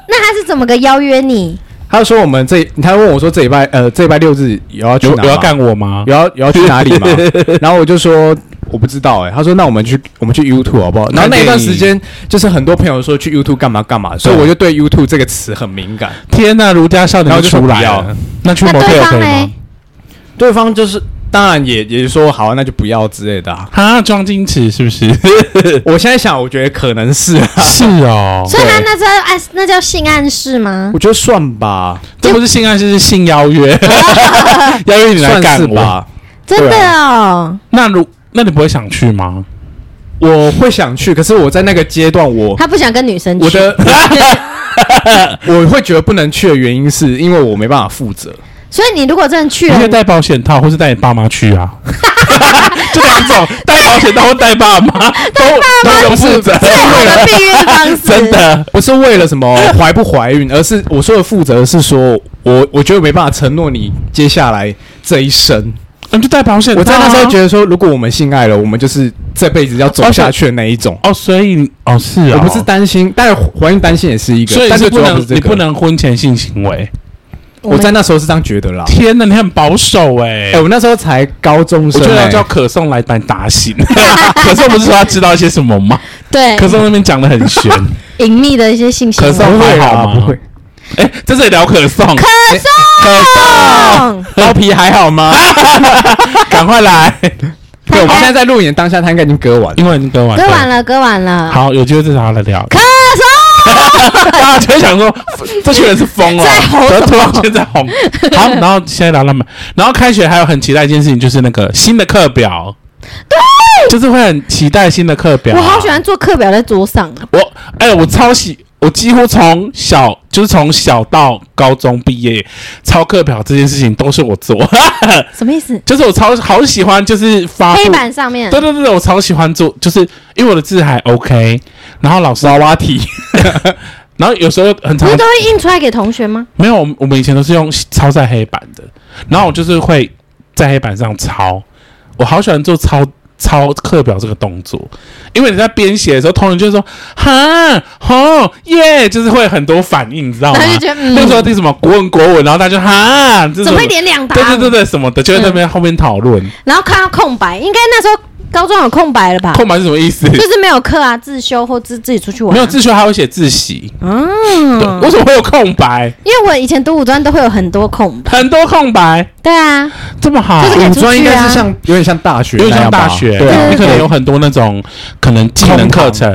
那他是怎麼個邀約你？他說：“我們這，你他問我說，這禮拜，呃，這禮拜六日有要去哪嗎？有，有要幹我嗎？有要有要去哪裡嗎？” 然後我就說：“我不知道。”哎，他說：“那我們去，我們去 YouTube 好不好？”嗯、然後那一段時間，就是很多朋友說去 YouTube 幹嘛幹嘛，所以我就對 YouTube 這個詞很敏感。天吶，儒家少年出來啊。那去某 K、OK、可以嗎對、欸？對方就是。當然也也說好，啊，那就不要之類的啊，裝矜持是不是？ 我現在想，我覺得可能是啊，是哦。所以他那那叫暗，那叫性暗示嗎？我覺得算吧，這不是性暗示，是性邀約， 邀約你來幹我算。真的哦？那如那你不會想去嗎？我會想去，可是我在那個階段我，我他不想跟女生去。我的我覺得 我會覺得不能去的原因是，是因為我沒辦法負責。所以你如果真的去了，你可以帶保險套，或是帶你爸媽去啊。 就兩種，帶保險套或帶爸媽。都媽都媽有負責，是最好的避孕 真的不是為了什麼懷不懷孕，而是我說的負責是說我我覺得我沒辦法承諾你接下來這一生。你、嗯、就帶保險套啊。我在那時候覺得說，如果我們性愛了，我們就是這輩子要走下去的那一種。哦，所以哦是、哦，啊。我不是擔心，但懷孕擔心也是一個。所以不能但最主要不是，這個，你不能婚前性行為。我在那時候是這樣覺得啦。天哪，你很保守哎、欸！哎、欸，我那時候才高中生，就要叫可頌來把你打醒。欸、可頌不是說他知道一些什麼嗎？ 對，可頌那邊講的很玄，隱 祕的一些信息。可頌會好嗎？不會，哎、欸，這是聊可頌。可頌、欸，可頌，包皮還好嗎？趕 快來！對我們現在在錄影當下，他應該已經割完了，因為已經割完了，割完了，割完了。好，有機會再找他來聊。大 家就想說，這群人是瘋了，然後突然間在哄。好，然後現在來了嘛，然後開學還有很期待一件事情，就是那個新的課表，對，就是會很期待新的課表。我好喜歡做課表，在桌上、啊。我，哎、欸，我超喜。我幾乎從小就是從小到高中畢業，抄課表這件事情都是我做。呵呵什麼意思？就是我超好喜歡，就是發黑板上面。對對對，我超喜歡做，就是因為我的字還 OK，然後老師要挖題，嗯、 然後有時候很長，你都會印出來給同學嗎？沒有，我我們以前都是用抄在黑板的，然後我就是會在黑板上抄，我好喜歡做抄，抄課表這個動作，因為你在編寫的時候，通常就是說，哈，哦，耶，就是會很多反應，你知道嗎？或者說聽什麼國文國文，然後大家就哈、就是說，怎麼會連兩答，對對對對，什麼的就在那邊、嗯、後面討論，然後看到空白，應該那時候。高中有空白了吧？空白是什麼意思？就是沒有課啊，自修或自自己出去玩，啊。沒有自修，還會寫自習。嗯，為什麼會有空白？因為我以前讀五專都會有很多空白，很多空白。對啊，這麼好，就是五專，啊、應該是像有點像大學，有點像大學，對，對你可能有很多那種可能技能課程，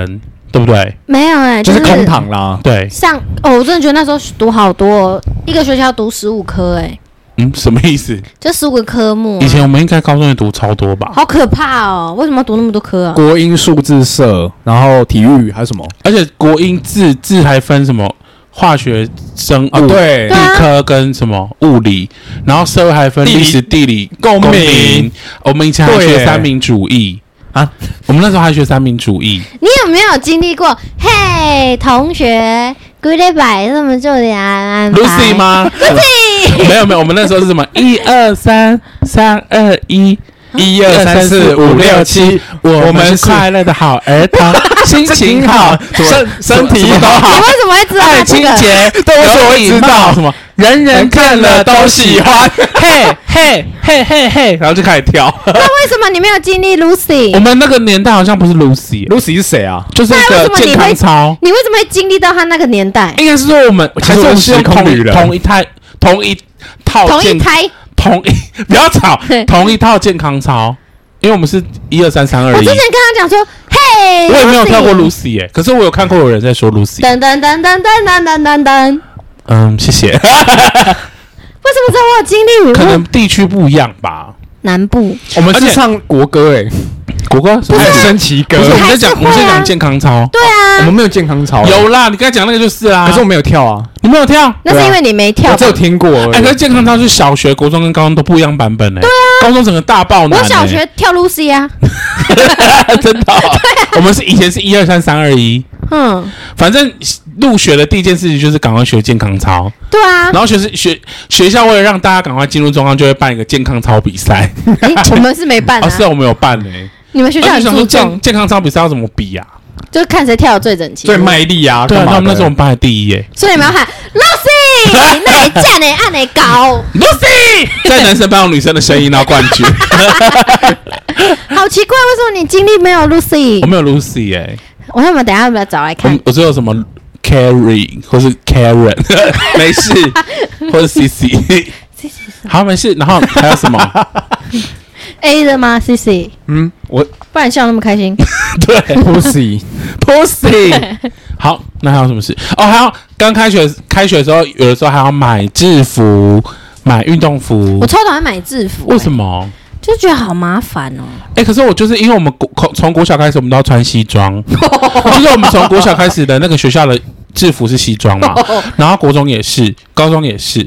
對不對？沒有哎、欸就是，就是空堂啦。對，像哦，我真的覺得那時候讀好多，一個學校要讀十五科，欸，哎。嗯，什麼意思？就十五個科目，啊，以前我們應該高中也讀超多吧？好可怕哦！為什麼要讀那麼多科啊？國英數自社，然後體育還有什麼？而且國英字字還分什麼化學、生物、對，啊、地科跟什麼物理，啊，然後社會還分歷史、地理，地理公，公民。我們以前還學三民主義啊！我們那時候還學三民主義。 你有沒有經歷過？嘿，hey，同學。就得擺這麼就得安安排 Lucy 嗎？Lucy， 沒有沒有，我們那時候是什麼？一二三，三二一。一二三四五六七，我們是快樂的好兒童，欸、心情好， 身身體都好。你為什麼會知道這、愛清潔？對，我所以知道嘛，人人看了都喜歡。嘿，嘿，嘿嘿嘿，然後就開始跳。那為什麼你沒有經歷 Lucy？我們那個年代好像不是 Lucy，Lucy、啊、Lucy 是誰啊？就是那個健康操什麼你。你為什麼會經歷到他那個年代？應該是說我們其實其實還是，我們是同，時空旅人，同一同一胎同一套同一胎。同一不要吵，同一套健康操， 因為我們是一二三三二一。我之前跟他講說，嘿、hey，我也沒有跳過 Lucy 耶、欸，可是我有看過有人在說 Lucy。噔噔噔噔噔噔噔噔。嗯，謝謝。為 什麼說我有經歷？可能地區不一樣吧。南部，我們是唱國歌哎，國歌、欸、國歌什麼不是、啊、升旗歌？是我們在講、啊，我們在講健康操。對啊，啊，我們沒有健康操。有啦，你剛才講那個就是啊，可是我沒有跳啊，你沒有跳。啊、那是因為你沒跳。我只有聽過哎，可、欸、是健康操是小學、國中跟高中都不一樣版本嘞、欸。對啊，高中整個大爆呢、欸。我小學跳 Lucy 啊。 真的對、啊。我們是以前是一二三三二一。嗯，反正入學的第一件事情就是趕快學健康操。對啊，然後學是學學校為了讓大家趕快進入狀況，就會辦一個健康操比賽。我們是沒辦、啊哦？是、啊、我們有辦的，你們學校怎麼健健康操比賽要怎麼比啊？就是看誰跳得最整齊、最賣力啊！對，他、啊、們那是我們班的,、啊、的第一耶。所以你們要喊 Lucy，那你站呢，按、嗯、高。Lucy, Lucy! 在男生班用女生的聲音拿冠軍， 好奇怪，為什麼你經歷沒有 Lucy？我沒有 Lucy 哎、欸。我我們等下我不要找來看，我說有什麼 Carry 或是 Karen，呵呵沒事，或是 C C， 好沒事，然後還有什麼 A 的嗎？C C，嗯，我不然笑那麼開心， 對，Pussy，Pussy， Pussy 好，那還有什麼事？哦，還要剛開學，開學的時候，有的時候還要買制服，買運動服，我超喜歡買制服欸，為什麼？就覺得好麻煩哦！哎、欸，可是我就是因為我們國從國小開始，我們都要穿西裝， 就是我們從國小開始的那個學校的制服是西裝嘛， 然後國中也是，高中也是，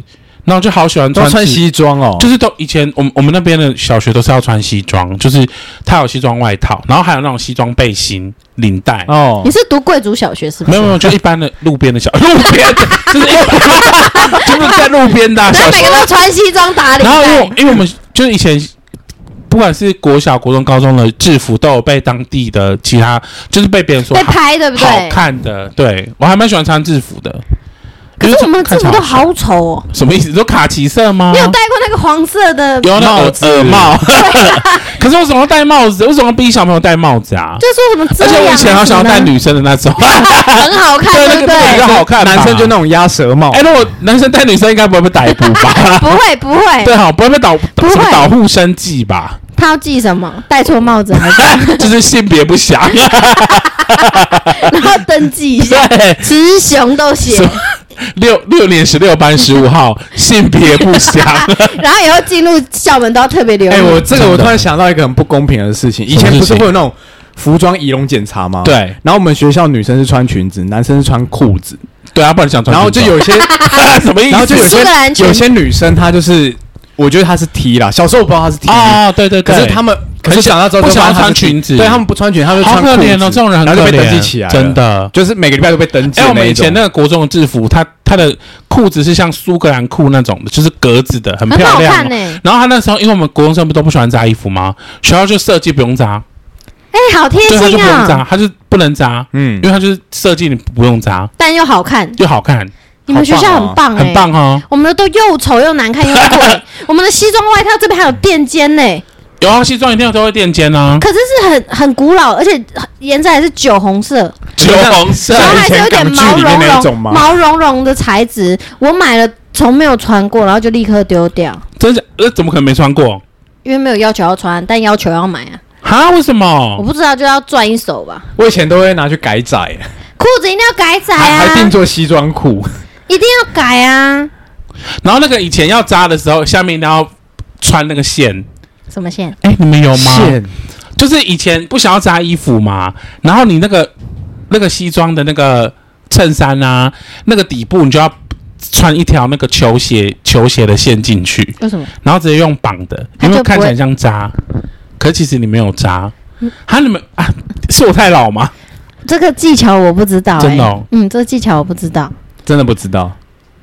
然後就好喜歡穿西裝哦，就是都以前我們我們那邊的小學都是要穿西裝，就是它有西裝外套，然後還有那種西裝背心、領帶哦。你是讀貴族小學是不是？沒有沒有，就一般的路邊的小 路邊的，就是，一般 就是在路邊的、啊、 小學，每個都穿西裝打領帶，然後因為因為我們就是以前。不管是國小、國中、高中的制服，都有被當地的其他，就是被別人說好，被拍，對不對？好看的。對，我還蠻喜歡穿制服的。可是我們這、哦、麼多好醜哦！什麼意思？都卡其色嗎？你有戴過那個黃色的帽子，有帽子？呃、帽子 可是我怎麼戴帽子？我怎麼逼小朋友戴帽子啊？就是說什麼遮陽。而且我以前好想要戴女生的那種， 很好看對。對對對，那個那個，好看。男生就那種鴨舌帽。哎、欸，如果男生戴女生，應該不會被逮捕吧？ 不會不會。對好，不會被導。不會導護生記吧？他要記什麼？戴錯帽子還是？ 就是性別不詳， 然後登記一下，雌雄都寫。六六年十六班十五號，性別不詳。 然後以後進入校門都要特別留意。哎、欸，我這個我突然想到一個很不公平的事情，事情以前不是會有那種服裝儀容檢查嗎？對。然後我們學校女生是穿裙子，男生是穿褲子。對啊，不然想穿。然後就有些 什麼意思，然後就有些有些女生，她就是，我覺得她是 T 啦。小時候我不知道她是 T。啊、oh, 哦，對對對。可是他們。很想要穿裙子，對，他們不穿裙他就穿褲子，好可憐哦，這種人很可憐。被登記起來真的，就是每個禮拜都被登記、欸。哎，我們以前那個國中的制服，他它的褲子是像蘇格蘭褲那種的，就是格子的，很漂亮、哦很好看欸。然後他那時候，因為我們國中生不都不喜歡紮衣服嗎？學校就設計不用紮。哎、欸，好貼心啊！他就不用紮，他就不能紮，嗯，因為他就是設計你不用紮，但又好看，又好看。你們學校很棒、啊，很棒哈、啊！ 我們的都又醜又難看又貴。 我們的西裝外套這邊還有墊肩呢。有、哦、啊，西裝一定要都會墊肩吶、啊，可是是很很古老，而且顏色還是酒紅色，酒紅色然後還是有點毛茸茸、毛茸茸的材質。我買了，從沒有穿過，然後就立刻丟掉。真是，呃，怎麼可能沒穿過？因為沒有要求要穿，但要求要買啊。哈？為什麼？我不知道，就要賺一手吧。我以前都會拿去改窄褲子，一定要改窄啊還！還定做西裝褲，一定要改啊。然後那個以前要扎的時候，下面一定要穿那個線。什麼線？哎、欸，你們有嗎？線就是以前不想要扎衣服嘛，然後你那個那個西裝的那個襯衫啊，那個底部你就要穿一條那個球鞋球鞋的線進去。為什麼？然後直接用綁的，因為看起來像扎，可其實你沒有扎。哈、嗯啊，你們啊，是我太老嗎？這個技巧我不知道、欸，真的、哦。嗯，這個技巧我不知道，真的不知道。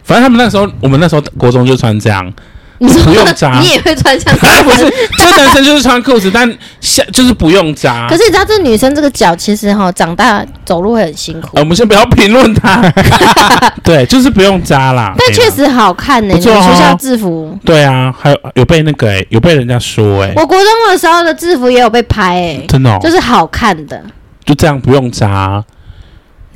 反正他們那時候，我們那時候國中就穿這樣。你說不用紮，你也會穿像。 不是，這個男生就是穿褲子， 但下就是不用紮。可是你知道，這女生這個腳其實哈長大走路會很辛苦。呃、我們先不要評論他。 對，就是不用紮啦。但確實好看呢、欸哎。不錯，學校制服。對啊，還有有被那個哎、欸，有被人家說哎、欸，我國中的時候的制服也有被拍哎、欸，真的、哦，就是好看的。就這樣，不用紮。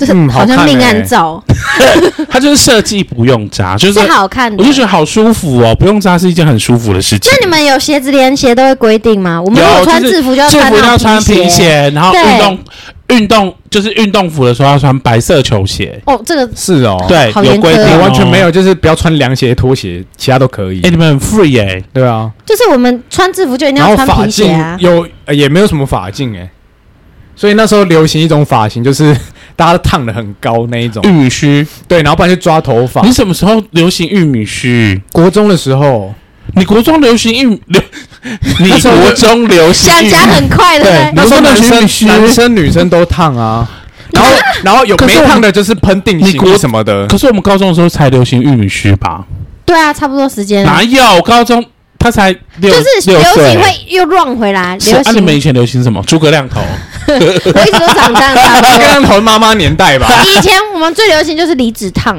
就是、嗯好，欸、好像命案照 。他就是設計不用扎，就是、是好看的，我就覺得好舒服哦，不用扎是一件很舒服的事情。那你們有鞋子，連鞋都會規定嗎？我們如果穿制服就要穿、就是、制服要穿皮鞋，然後運動運動就是運動服的時候要穿白色球鞋。哦，這個是哦，對，有規定、哦，完全沒有，就是不要穿涼鞋、拖鞋，其他都可以。哎、欸，你們很 free 哎、欸，對啊，就是我們穿制服就一定要穿皮鞋、啊，有也沒有什麼髮禁哎，所以那時候流行一種髮型就是。大家都燙得很高，那一種玉米鬚，對，然後不然就抓頭髮。你什麼時候流行玉米鬚、嗯？國中的時候，嗯、你國中流行玉米流， 你國中流行。想家很快的，對，國中男生、啊、男生女生都燙啊。然後，啊、然後有沒燙的，就是噴定型什麼的可。可是我們高中的時候才流行玉米鬚吧？對啊，差不多時間。哪有我高中？他才就是流行會又亂回來，流行，啊、你們以前流行什麼？諸葛亮頭， 我一直都長這樣。諸葛亮頭是媽媽年代吧？ 以前我們最流行就是離子燙，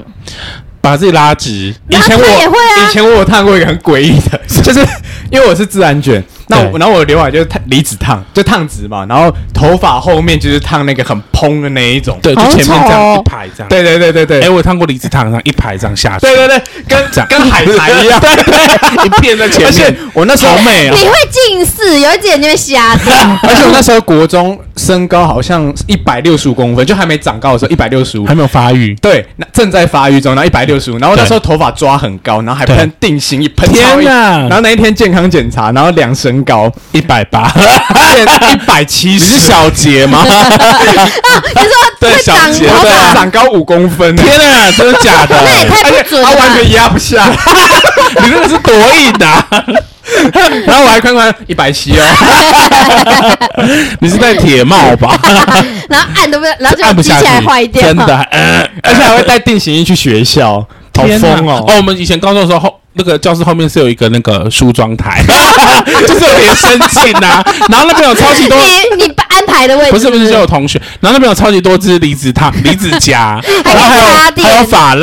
把自己拉直。以前我也會啊。以前我有燙過一個很詭異的，就是因為我是自然捲。那我，然後我的劉海就是燙離子燙，就燙直嘛。然後頭髮後面就是燙那個很蓬的那一種，對，就前面這樣一排這樣。對對對對對，哎、欸，我燙過離子燙，然後一排這樣下去。對對對，跟、啊、跟海苔一樣， 對，對對，一片在前面。我那時候好美啊。你會近視，有一點點瞎子。 而且我那時候國中身高好像一百六十五公分，就還沒長高的時候一百六十五，還沒有發育。對，那正在發育中，然後一百六十五。然後那時候頭髮抓很高，然後還噴定型一噴。天哪！然後那一天健康檢查，然後兩繩。高一百八，一百七十，你是小杰嗎？ 啊？對，小杰、啊、長高五公分、啊，天啊！ 真的假的？他完全壓不下， 你真的是多硬啊！ 然後我還看看一百七哦， 你是戴鐵帽吧？ 然後按都不，然後就按不下去，真的，呃、而且還會帶定型衣去學校。好瘋哦！哦，我們以前高中的時候，後那個教室後面是有一個那個梳妝台， 就是有點生氣吶。然後那邊有超級多你你安排的位置，不是不是，就有同學。然後那邊有超級多只離子燙、離子夾， 還有還有髮蠟，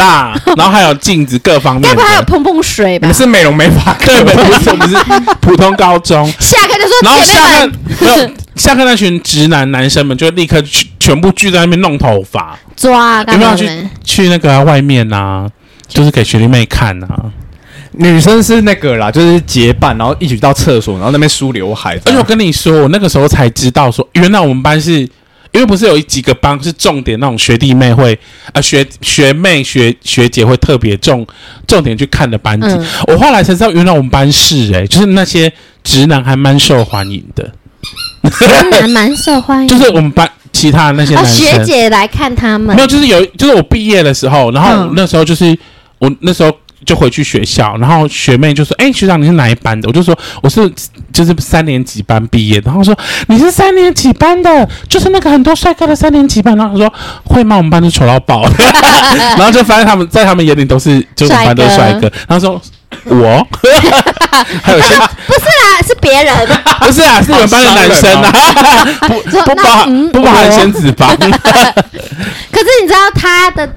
然後還有鏡 子，各方面。要不然還有碰碰水吧？我們是美容美髮課，不是不 是普通高中。下課的時候，然後下課，下課那群直男男生們就立刻全全部聚在那邊弄頭髮，抓剛剛有沒有去沒去那個外面啊。就是給學弟妹看吶、啊，女生是那個啦，就是結伴，然後一起到廁所，然後那邊梳劉海是、啊。而且我跟你說，我那個時候才知道說，說原來我們班是因為不是有一幾個班是重點那種學弟妹會啊學學妹學學姐會特別重重點去看的班級、嗯。我後來才知道，原來我們班是誒、欸，就是那些直男還蠻受歡迎的，直男蠻受歡迎， 就是我們班其他的那些男生、哦、學姐來看他們，沒有，就是有，就是我畢業的時候，然後那時候就是。嗯我那時候就回去學校，然後學妹就說：“哎、欸，學長你是哪一班的？”我就說：“我是就是三年級班畢業。”然後說：“你是三年級班的，就是那個很多帥哥的三年級班。”然後說：“會嗎？我們班都醜到爆。 然後就發現他們在他們眼裡都是就是班都是帥哥帥哥。然後我說：“我還有些不是啦、啊，是別人、啊、 不是啊，是我們班的男生啊， 不不把、嗯、不把人先子吧？纖纖纖 可是你知道他的。”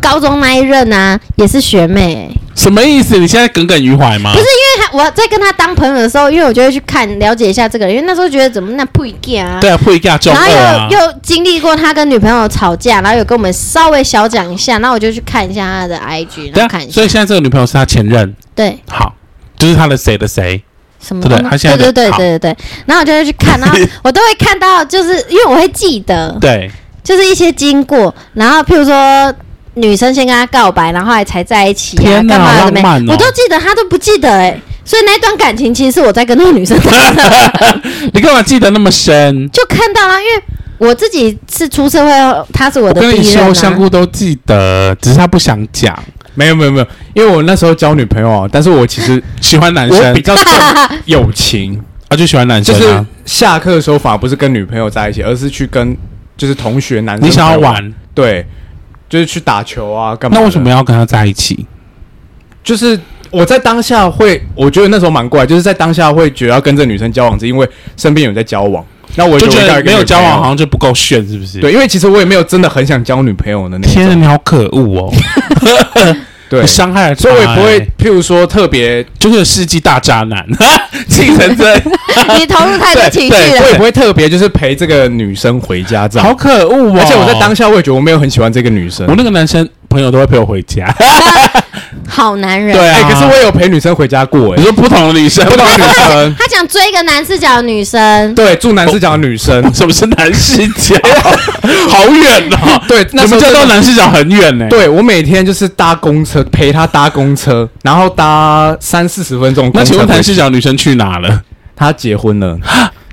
高中那一任呢、啊，也是學妹、欸。什麼意思？你現在耿耿於懷嗎？不是，因為他我在跟他當朋友的時候，因為我就會去看了解一下這個人，因為那時候覺得怎麼那不一樣啊？對啊，不一樣、啊。然後又又經歷過他跟女朋友吵架，然後有跟我們稍微小講一下，然後我就去看一下他的 I G，然後看一下、啊。所以現在這個女朋友是他前任？對，好，就是他的誰的誰？什麼？對他現在對對對對，對，對，對，對，對。然後我就會去看，然後我都會看到，就是 因為我會記得，對，就是一些經過，然後譬如說。女生先跟他告白，然後來才在一起、啊。天哪，好慢、哦，我都記得，他都不記得哎、欸。所以那段感情其實是我在跟那個女生。 你幹嘛記得那麼深？就看到啊，因為我自己是出社會後，他是我的對象、啊。相互都記得，只是他不想講。沒有沒有沒有，因為我那時候交女朋友，但是我其實喜歡男生， 比較重 友情，他、啊、就喜歡男生、啊。就是下課的時候反而不是跟女朋友在一起，而是去跟就是同學男生。你想要玩？對。就是去打球啊，幹嘛？那為什麼要跟他在一起？就是我在當下會，我覺得那時候蠻怪，就是在當下會覺得要跟這女生交往，是因為身邊有在交往。那我就覺得沒有交往好像就不夠炫，是不是？對，因為其實我也沒有真的很想交女朋友的那種。那天哪，你好可惡哦！ 對，傷害了，欸。所以我也不會，譬如說特，特別就是世紀大渣男，哈金晨真，你投入太多情緒了。我也不會特別，就是陪這個女生回家，這樣好可惡哦，喔。而且我在當下我也覺得我沒有很喜歡這個女生。我那個男生朋友都會陪我回家。 好男人對啊、欸，可是我也有陪女生回家過哎、欸。你說不同的女生，不同的女生。啊、他，他想追一個南勢角的女生，對，住南勢角的女生，喔、什麼是南勢角？ 好遠吶、啊！對，什麼叫到南勢角很遠呢、欸？對我每天就是搭公車陪他搭公車，然後搭三四十分鐘。那請問南勢角的女生去哪了？他結婚了，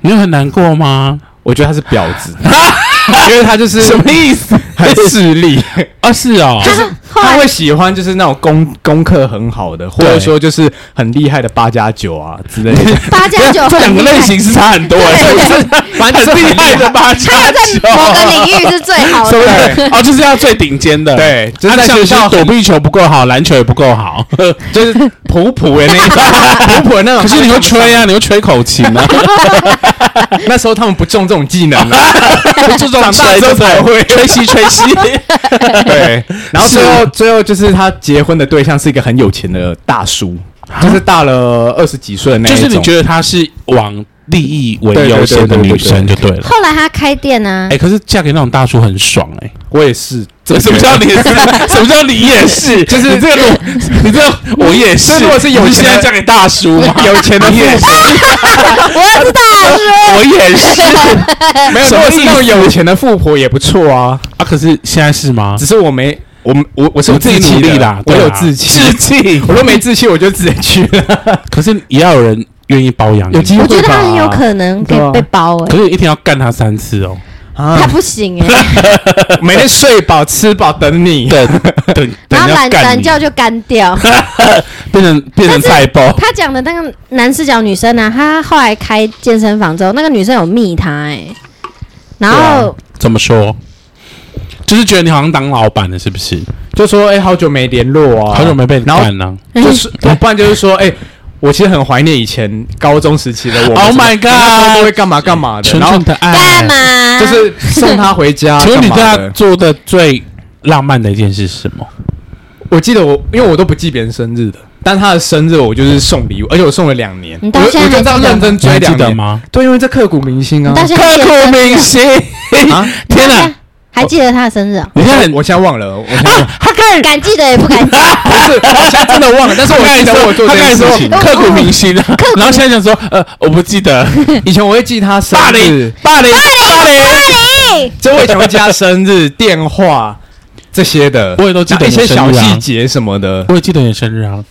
你有很難過嗎？我覺得他是婊子。啊 因為他就是什麼意思？很勢利啊，是啊，他是他會喜歡就是那種功功課很好的，或者說就是很厲害的八加九啊之類。的。八加九， 這兩個類型是差很多，對，對,對，就是反正厲害的八加九，他在某個領域是最好的，好，是不是？哦，就是要最頂尖的，對，他、就是、在學校躲避球不夠好，籃球也不夠好，就是普普的那種、啊，普普的那種、啊。 可是你會吹啊，你會吹口琴啊， 那時候他們不種這種技能啊， 長大之後才會吹噓吹噓， 對。然後最後最後就是他結婚的對象是一個很有錢的大叔，就是大了二十幾歲的那種。就是你覺得他是王？利益為優先的女生就對了。後來她開店呢、啊？哎、欸，可是嫁給那種大叔很爽哎、欸！我也是，什麼叫「你也是」？什 麼叫「你也是」？就是這種。你知道我也是，如果是有錢嫁給大叔有錢的你也是，我也是大叔，我也是，沒有，如果是那種有錢的富婆也不錯啊！啊，可是現在是嗎？只是我沒，我我我是我自己努力啦。我有志氣，啊、志氣我都沒志氣，我就直接去了。 可是也要有人。願意包養，有機會。我覺得他很有可能可以被包誒、欸啊。可是一天要幹他三次哦，啊、他不行誒、欸，每天 睡飽、吃飽等你。 等等然後懶懶覺就幹掉 變，變成變成菜包。他講的那個男視角女生呢、啊，他後來開健身房之後，那個女生有密他哎、欸，然後、啊、怎麼說？就是覺得你好像當老闆了，是不是？就說哎、欸，好久沒聯絡啊，好久沒被、啊。然後呢，就是不然 就是說哎。欸我其實很懷念以前高中時期的我，Oh my God，他都會幹嘛幹嘛的，然後純純的愛，嗯、就是送他回家。除了你對他做的最浪漫的一件事是什麼？我記得我，因為我都不記別人生日的，但他的生日我就是送禮物，嗯，而且我送了兩年。你到現在還記得我，我就這樣認真追兩年，你還記得嗎？對，因為這刻骨銘心啊，刻骨銘心啊！天啊！還記得他的生日啊、喔？你現在、哦、我現在忘了，我現在忘了啊、他可能敢記得也不敢、啊。不是，我現在真的忘了。但是我記得我做這件事情刻骨銘心、哦啊、然後現在想說，呃，我不記得。以前我會記他生日，巴黎，巴黎，巴黎，巴黎。這我以前加生日、電話這些的，我也都記得、啊、一些小細節什麼的。我也記得你生日啊。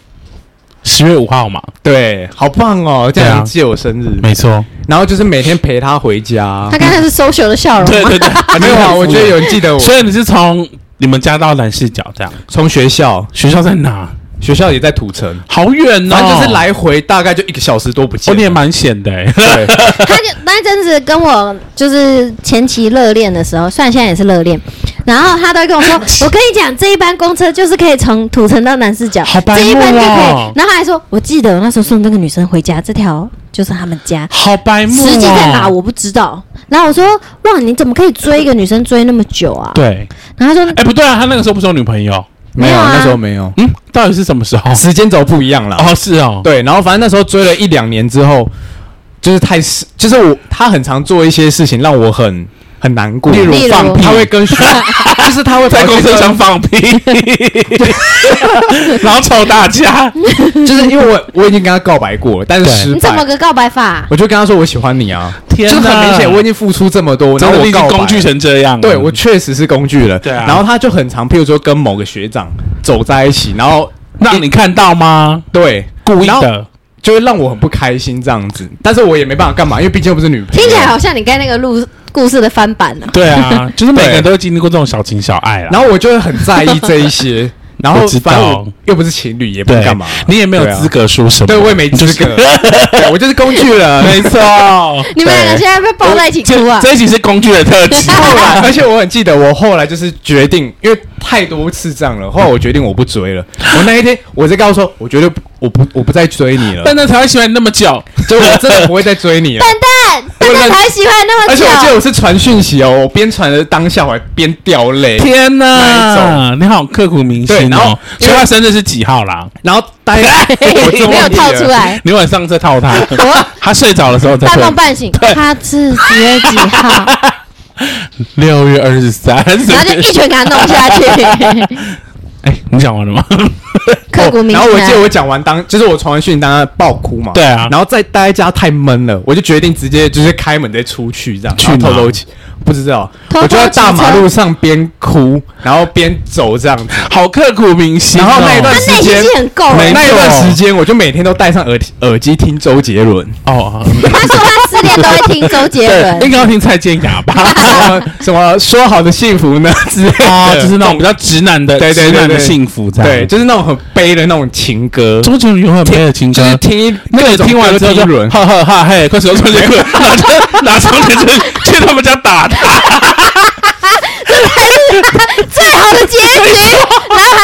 十月五號嘛，對，好棒哦，這樣記我生日，啊、沒錯。然後就是每天陪他回家，他剛才是 social 的笑容，嗯，對對對， 啊沒有啊，我覺得有人記得我。 所以你是從你們家到南勢角這樣，從學校， 學校在哪？學校也在土城，好遠哦，反正就是來回大概就一個小時多不見。我、哦、也蠻險的、欸， 對。他就那陣子跟我就是前期熱戀的時候，雖然現在也是熱戀。然後他都跟我說， 我跟你講，這一班公車就是可以從土城到南勢角，哦，這一班就可以。然後他還說，我記得我那時候送那個女生回家，這條就是他們家，好白目，哦。時間在哪我不知道。然後我說，哇，你怎麼可以追一個女生追那麼久啊？對。然後他說，誒、欸、不對啊，他那個時候不是我女朋友，沒有，沒有、啊、那時候沒有。嗯，到底是什麼時候？時間軸不一樣了。哦，是哦，對。然後反正那時候追了一兩年之後，就是太是，就是我他很常做一些事情讓我很。很難過，例如放屁，他會跟學， 就是他會在公車上放屁， 然後吵大家。 就是因為我我已經跟他告白過了，但是你怎麼個告白法？我就跟他說我喜歡你啊！天哪，就是就很明顯我已經付出這麼多，然後我已經工具成這樣。對，我確實是工具了。對啊，然後他就很常，譬如說跟某個學長走在一起，然後讓你看到嗎？欸、對，故意的，就會讓我很不開心這樣子。但是我也沒辦法幹嘛，因為畢竟不是女朋友。聽起來好像你跟那個路。故事的翻版了，對啊，就是每個人都會經歷過這種小情小愛啊。然後我就會很在意這一些，然後反正又不是情侶，也不幹嘛，啊，你也沒有資格說什麼，啊。對，我也沒資格我， 我就是工具人，沒錯。你們兩個現在被綁在一起，啊，這一集是工具的特輯。後來，而且我很記得，我後來就是決定，因為太多次這樣了，後來我決定我不追了。我那一天我就告訴說，我絕對我不我不再追你了。 笨蛋才喜歡那麼久，所以我真的不會再追你了，笨蛋。大家才喜歡那麼久，而且我記得我是傳訊息哦、喔，我邊傳的當下我還邊掉淚。天、啊、哪、啊，你好刻骨銘心、喔。哦。所以，所以他生日是幾號啦？然後，待欸、我也沒有套出來，你晚上再套他。啊、他睡着的時候再半夢半醒。對，他是幾月幾號？六 月二十三。然後就一拳給他弄下去。哎、 欸，你講完了嗎？ Oh, 刻骨銘心啊、然後我記得我講完當就是我傳完訊，當他爆哭嘛。對啊，然後在待在家太悶了，我就決定直接就是開門再出去這樣。去偷偷。去，不知道。我就在大馬路上邊哭，然後邊走這樣好刻骨銘心、啊。然後那一段時間，哦、他那,息息很夠那一段時間我就每天都戴上耳耳機聽周杰倫。 哦， 他說他失戀都會聽周杰倫， 對 應該要聽蔡健雅吧 什？什麼說好的幸福呢？之類的啊，就是那種比較直男的，對對對直男的幸福這樣，對，就是那種很悲。A 的那種情歌，周杰倫永遠沒有情歌，聽那個聽完之後就說，哈哈哈嘿，快使用周杰倫，拿着拿上，直接 去他們家打他，這才是 最好的結局，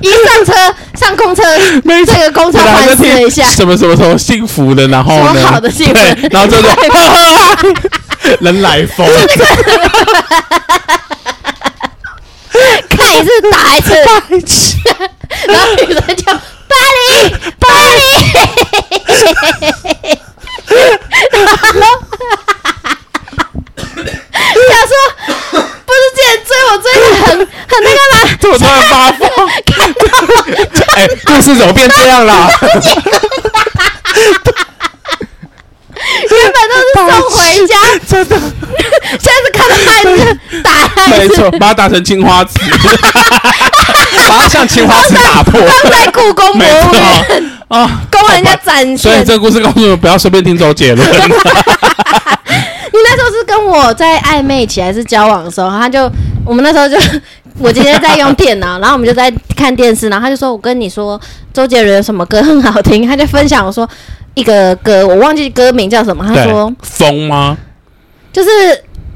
一上車，上公車， 這個公車拍攝一下，什麼什麼什麼幸福的，然後呢，多好的幸福，對，然後就是人來瘋， 淡風 看一次打一次， 然後女的叫巴黎，巴 黎 Body, Body。 很那個嗎？這麼多人我突然發瘋，哎，故事怎麼變這樣了？原本都是送回家，真的，現在是看孩子打孩子，沒錯，把它打成青花瓷， 把它像青花瓷打破了，放在，在故宮博物館啊，供、啊、人家展示。所以這個故事告訴我們，不要隨便聽周杰倫。 你那時候是跟我在曖昧，還是交往的時候？他就。我們那時候就，我今天在用電腦， 然後我們就在看電視，然後他就說：“我跟你說，周杰倫有什麼歌很好聽？”他就分享我說一個歌，我忘記歌名叫什麼。他說：“風嗎？”就是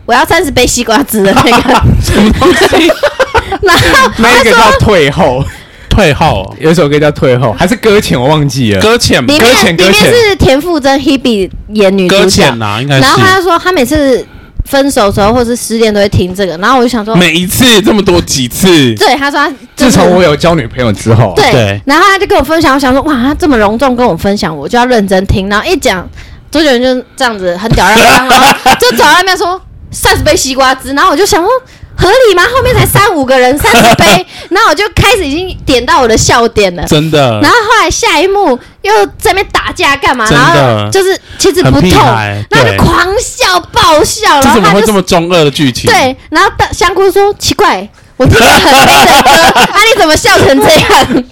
我要三十杯西瓜汁的那個。 然後他說、那個、叫退後，退後，有一首歌叫《退後》，還是《擱淺》，我忘記了，《擱淺》擱淺。裡面裡面是田馥甄 Hebe 演女主角。擱淺啊，應該是。然後他就說他每次。分手的時候，或是失戀都會聽這個，然後我就想說，每一次這麼多幾次， 對，他說他、就是，自從我有交女朋友之後，對，對，然後他就跟我分享，我想說，哇，他這麼隆重跟我分享，我就要認真聽，然後一講，周杰倫就這樣子很屌樣， 然後就找到外面說三十杯西瓜汁，然後我就想說。合理嗎？後面才三五個人，三十杯， 然後我就開始已經點到我的笑點了，真的。然後後來下一幕又在那邊打架幹嘛？真的。然後就是其實不痛，然後就狂笑爆笑。然後他、就是、怎麼會這麼中二的劇情。對，然後香菇說奇怪，我聽得很悲的歌，那、 啊、你怎麼笑成這樣？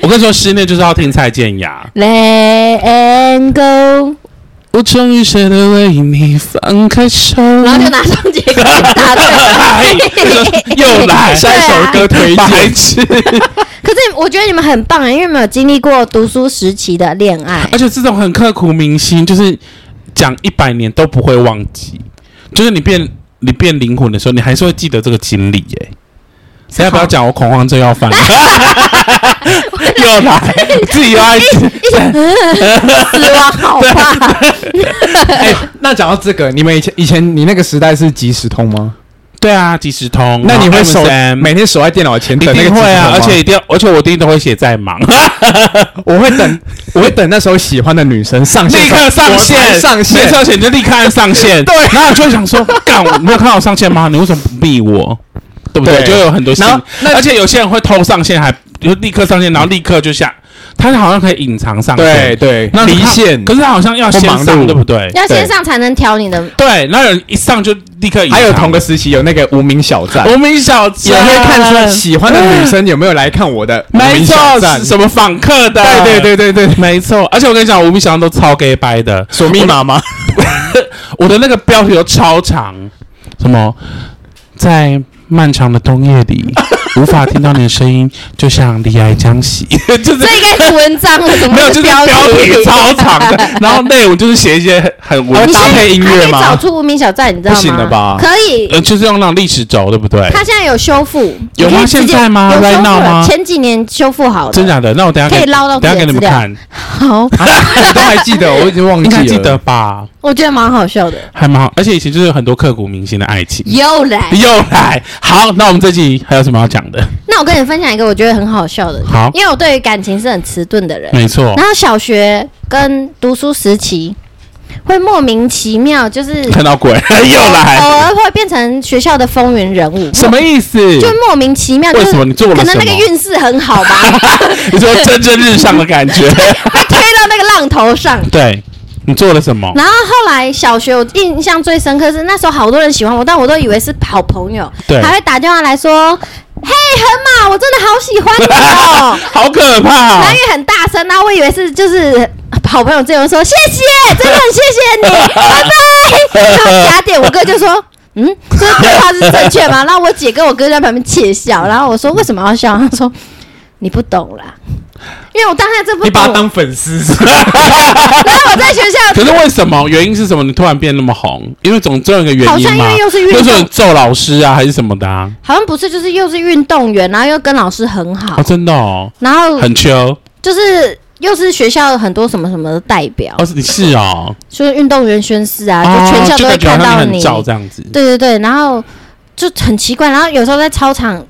我跟你說，失戀就是要聽蔡健雅。Letting go。我終於捨得為你放開手。然後就拿上這個，答 打對了笑還以， 又來，下一首歌推薦 可是我覺得你們很棒啊、欸，因為沒有經歷過讀書時期的戀愛，而且這種很刻骨銘心，就是講一百年都不會忘記，就是你變你變靈魂的時候，你還是會記得這個經歷耶、欸。誰要不要講我恐慌症要犯？了、啊、 又來，自己又愛死，是吧好怕哎 欸，那講到這個，你們以前以前你那個時代是即時通嗎？對啊，即時通。那你會守、啊、每天守在電腦前等？一定會啊，那個、而且一定要，而且我一定都會寫在忙。 我會等，我會等那時候喜歡的女生上線，立刻上線，上線，上線就立刻上線。 對，然後就會想說，幹， 我你沒有看到我上線嗎？你為什麼不逼我？對,對,對，就有很多，然而且有些人會偷上線還，還就立刻上線，然後立刻就下。他好像可以隱藏上線，對對，那離線，可是他好像要先上，對不對？要先上才能調你的對。對，然後有一上就立刻隱藏。還有同個時期有那個無名小站，無名小站也可以看出來喜歡的女生有沒有來看我的、嗯。沒錯，什麼訪客的？對對對對對,對，沒錯。而且我跟你講，無名小站都超 gay 掰的，鎖密碼嗎？ 我的那個標題都超長，什麼在。漫長的冬夜裡，無法聽到你的聲音， 就像李愛江息。這、就是、應該是文章 沒有，就是標題超長，的。然後內容就是寫一些很文、哦、搭配的音樂嘛，找出無名小站，你知道嗎？不行的吧？可以、呃，就是用那種歷史軸，對不對？它現在有修復，有嗎、啊？現在嗎？有修嗎？前幾年修復好的，真的假的？那我等下可以撈到，等下給你們看。好，啊、都還記得， 我已經忘記，你記，記得吧？我覺得蠻好笑的，還蠻好，而且以前就是很多刻骨銘心的愛情，又來又來。好，那我們這集還有什麼要講的？那我跟你分享一個我覺得很好笑的。好，因為我對於感情是很遲鈍的人。沒錯。然後小學跟讀書時期，會莫名其妙就是看到鬼、呃、又來，偶爾會變成學校的風雲人物。什麼意思？就莫名其妙、就是。為什麼你做了什麼？可能那個運勢很好吧。 你說蒸蒸日上的感覺，被 推到那個浪頭上。對。你做了什麼？然後後來小學，我印象最深刻的是那時候好多人喜歡我，但我都以為是好朋友，還會打電話來說：“嘿，河馬，我真的好喜歡你哦、喔， 好可怕、喔。”然後也很大聲，然後我以為是就是好朋友這樣說，謝謝，真的很謝謝你， 拜拜。然後加點我哥就說：“嗯，這對話是正確嗎？”然後我姐跟我哥在旁邊竊笑，然後我說：“為什麼要笑？”他說：“你不懂啦。”因為我當下這，你把他當粉絲是吧 然後我在學校。可是為什麼？原因是什麼？你突然變那麼紅？因為總總有一個原因。好像因為又是運動員，揍老師啊，還是什麼的啊？好像不是，就是又是運動員，然後又跟老師很好。哦、真的哦，然後很 Q，就是又是學校很多什麼什麼的代表。哦，你是哦，就是運動員宣誓啊、哦，就全校都會看到你，你照這樣子。對對對，然後就很奇怪，然後有時候在操場。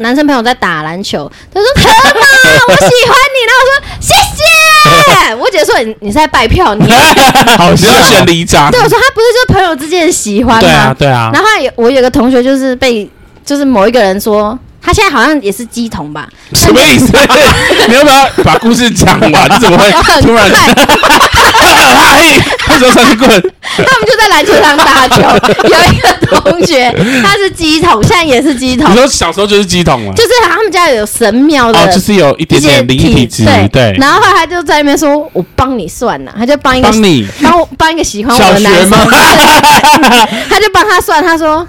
男生朋友在打籃球，他說：“可 嗎？我喜歡你 然後我說：“謝謝。 ”我姐說：“你你是在拜票，你 好像選里長。 對”對我說：“他不是就朋友之間的喜歡嗎？”對啊對啊。然後有我有個同學，就是被就是某一個人說。他現在好像也是乩童吧？什麼意思、啊？ 你要不要把故事講完？你怎麼會突然？他說是棍， 他們就在籃球場打球。有一個同學，他是乩童，現在也是乩童。你說小時候就是乩童了，就是他們家有神廟的，就是有一點點靈異體質。對，然後,後來他就在那邊說：“我幫你算吶、啊。”他就幫一個，幫你幫幫一個喜歡我的男生，就是、他,他就幫他算。他說。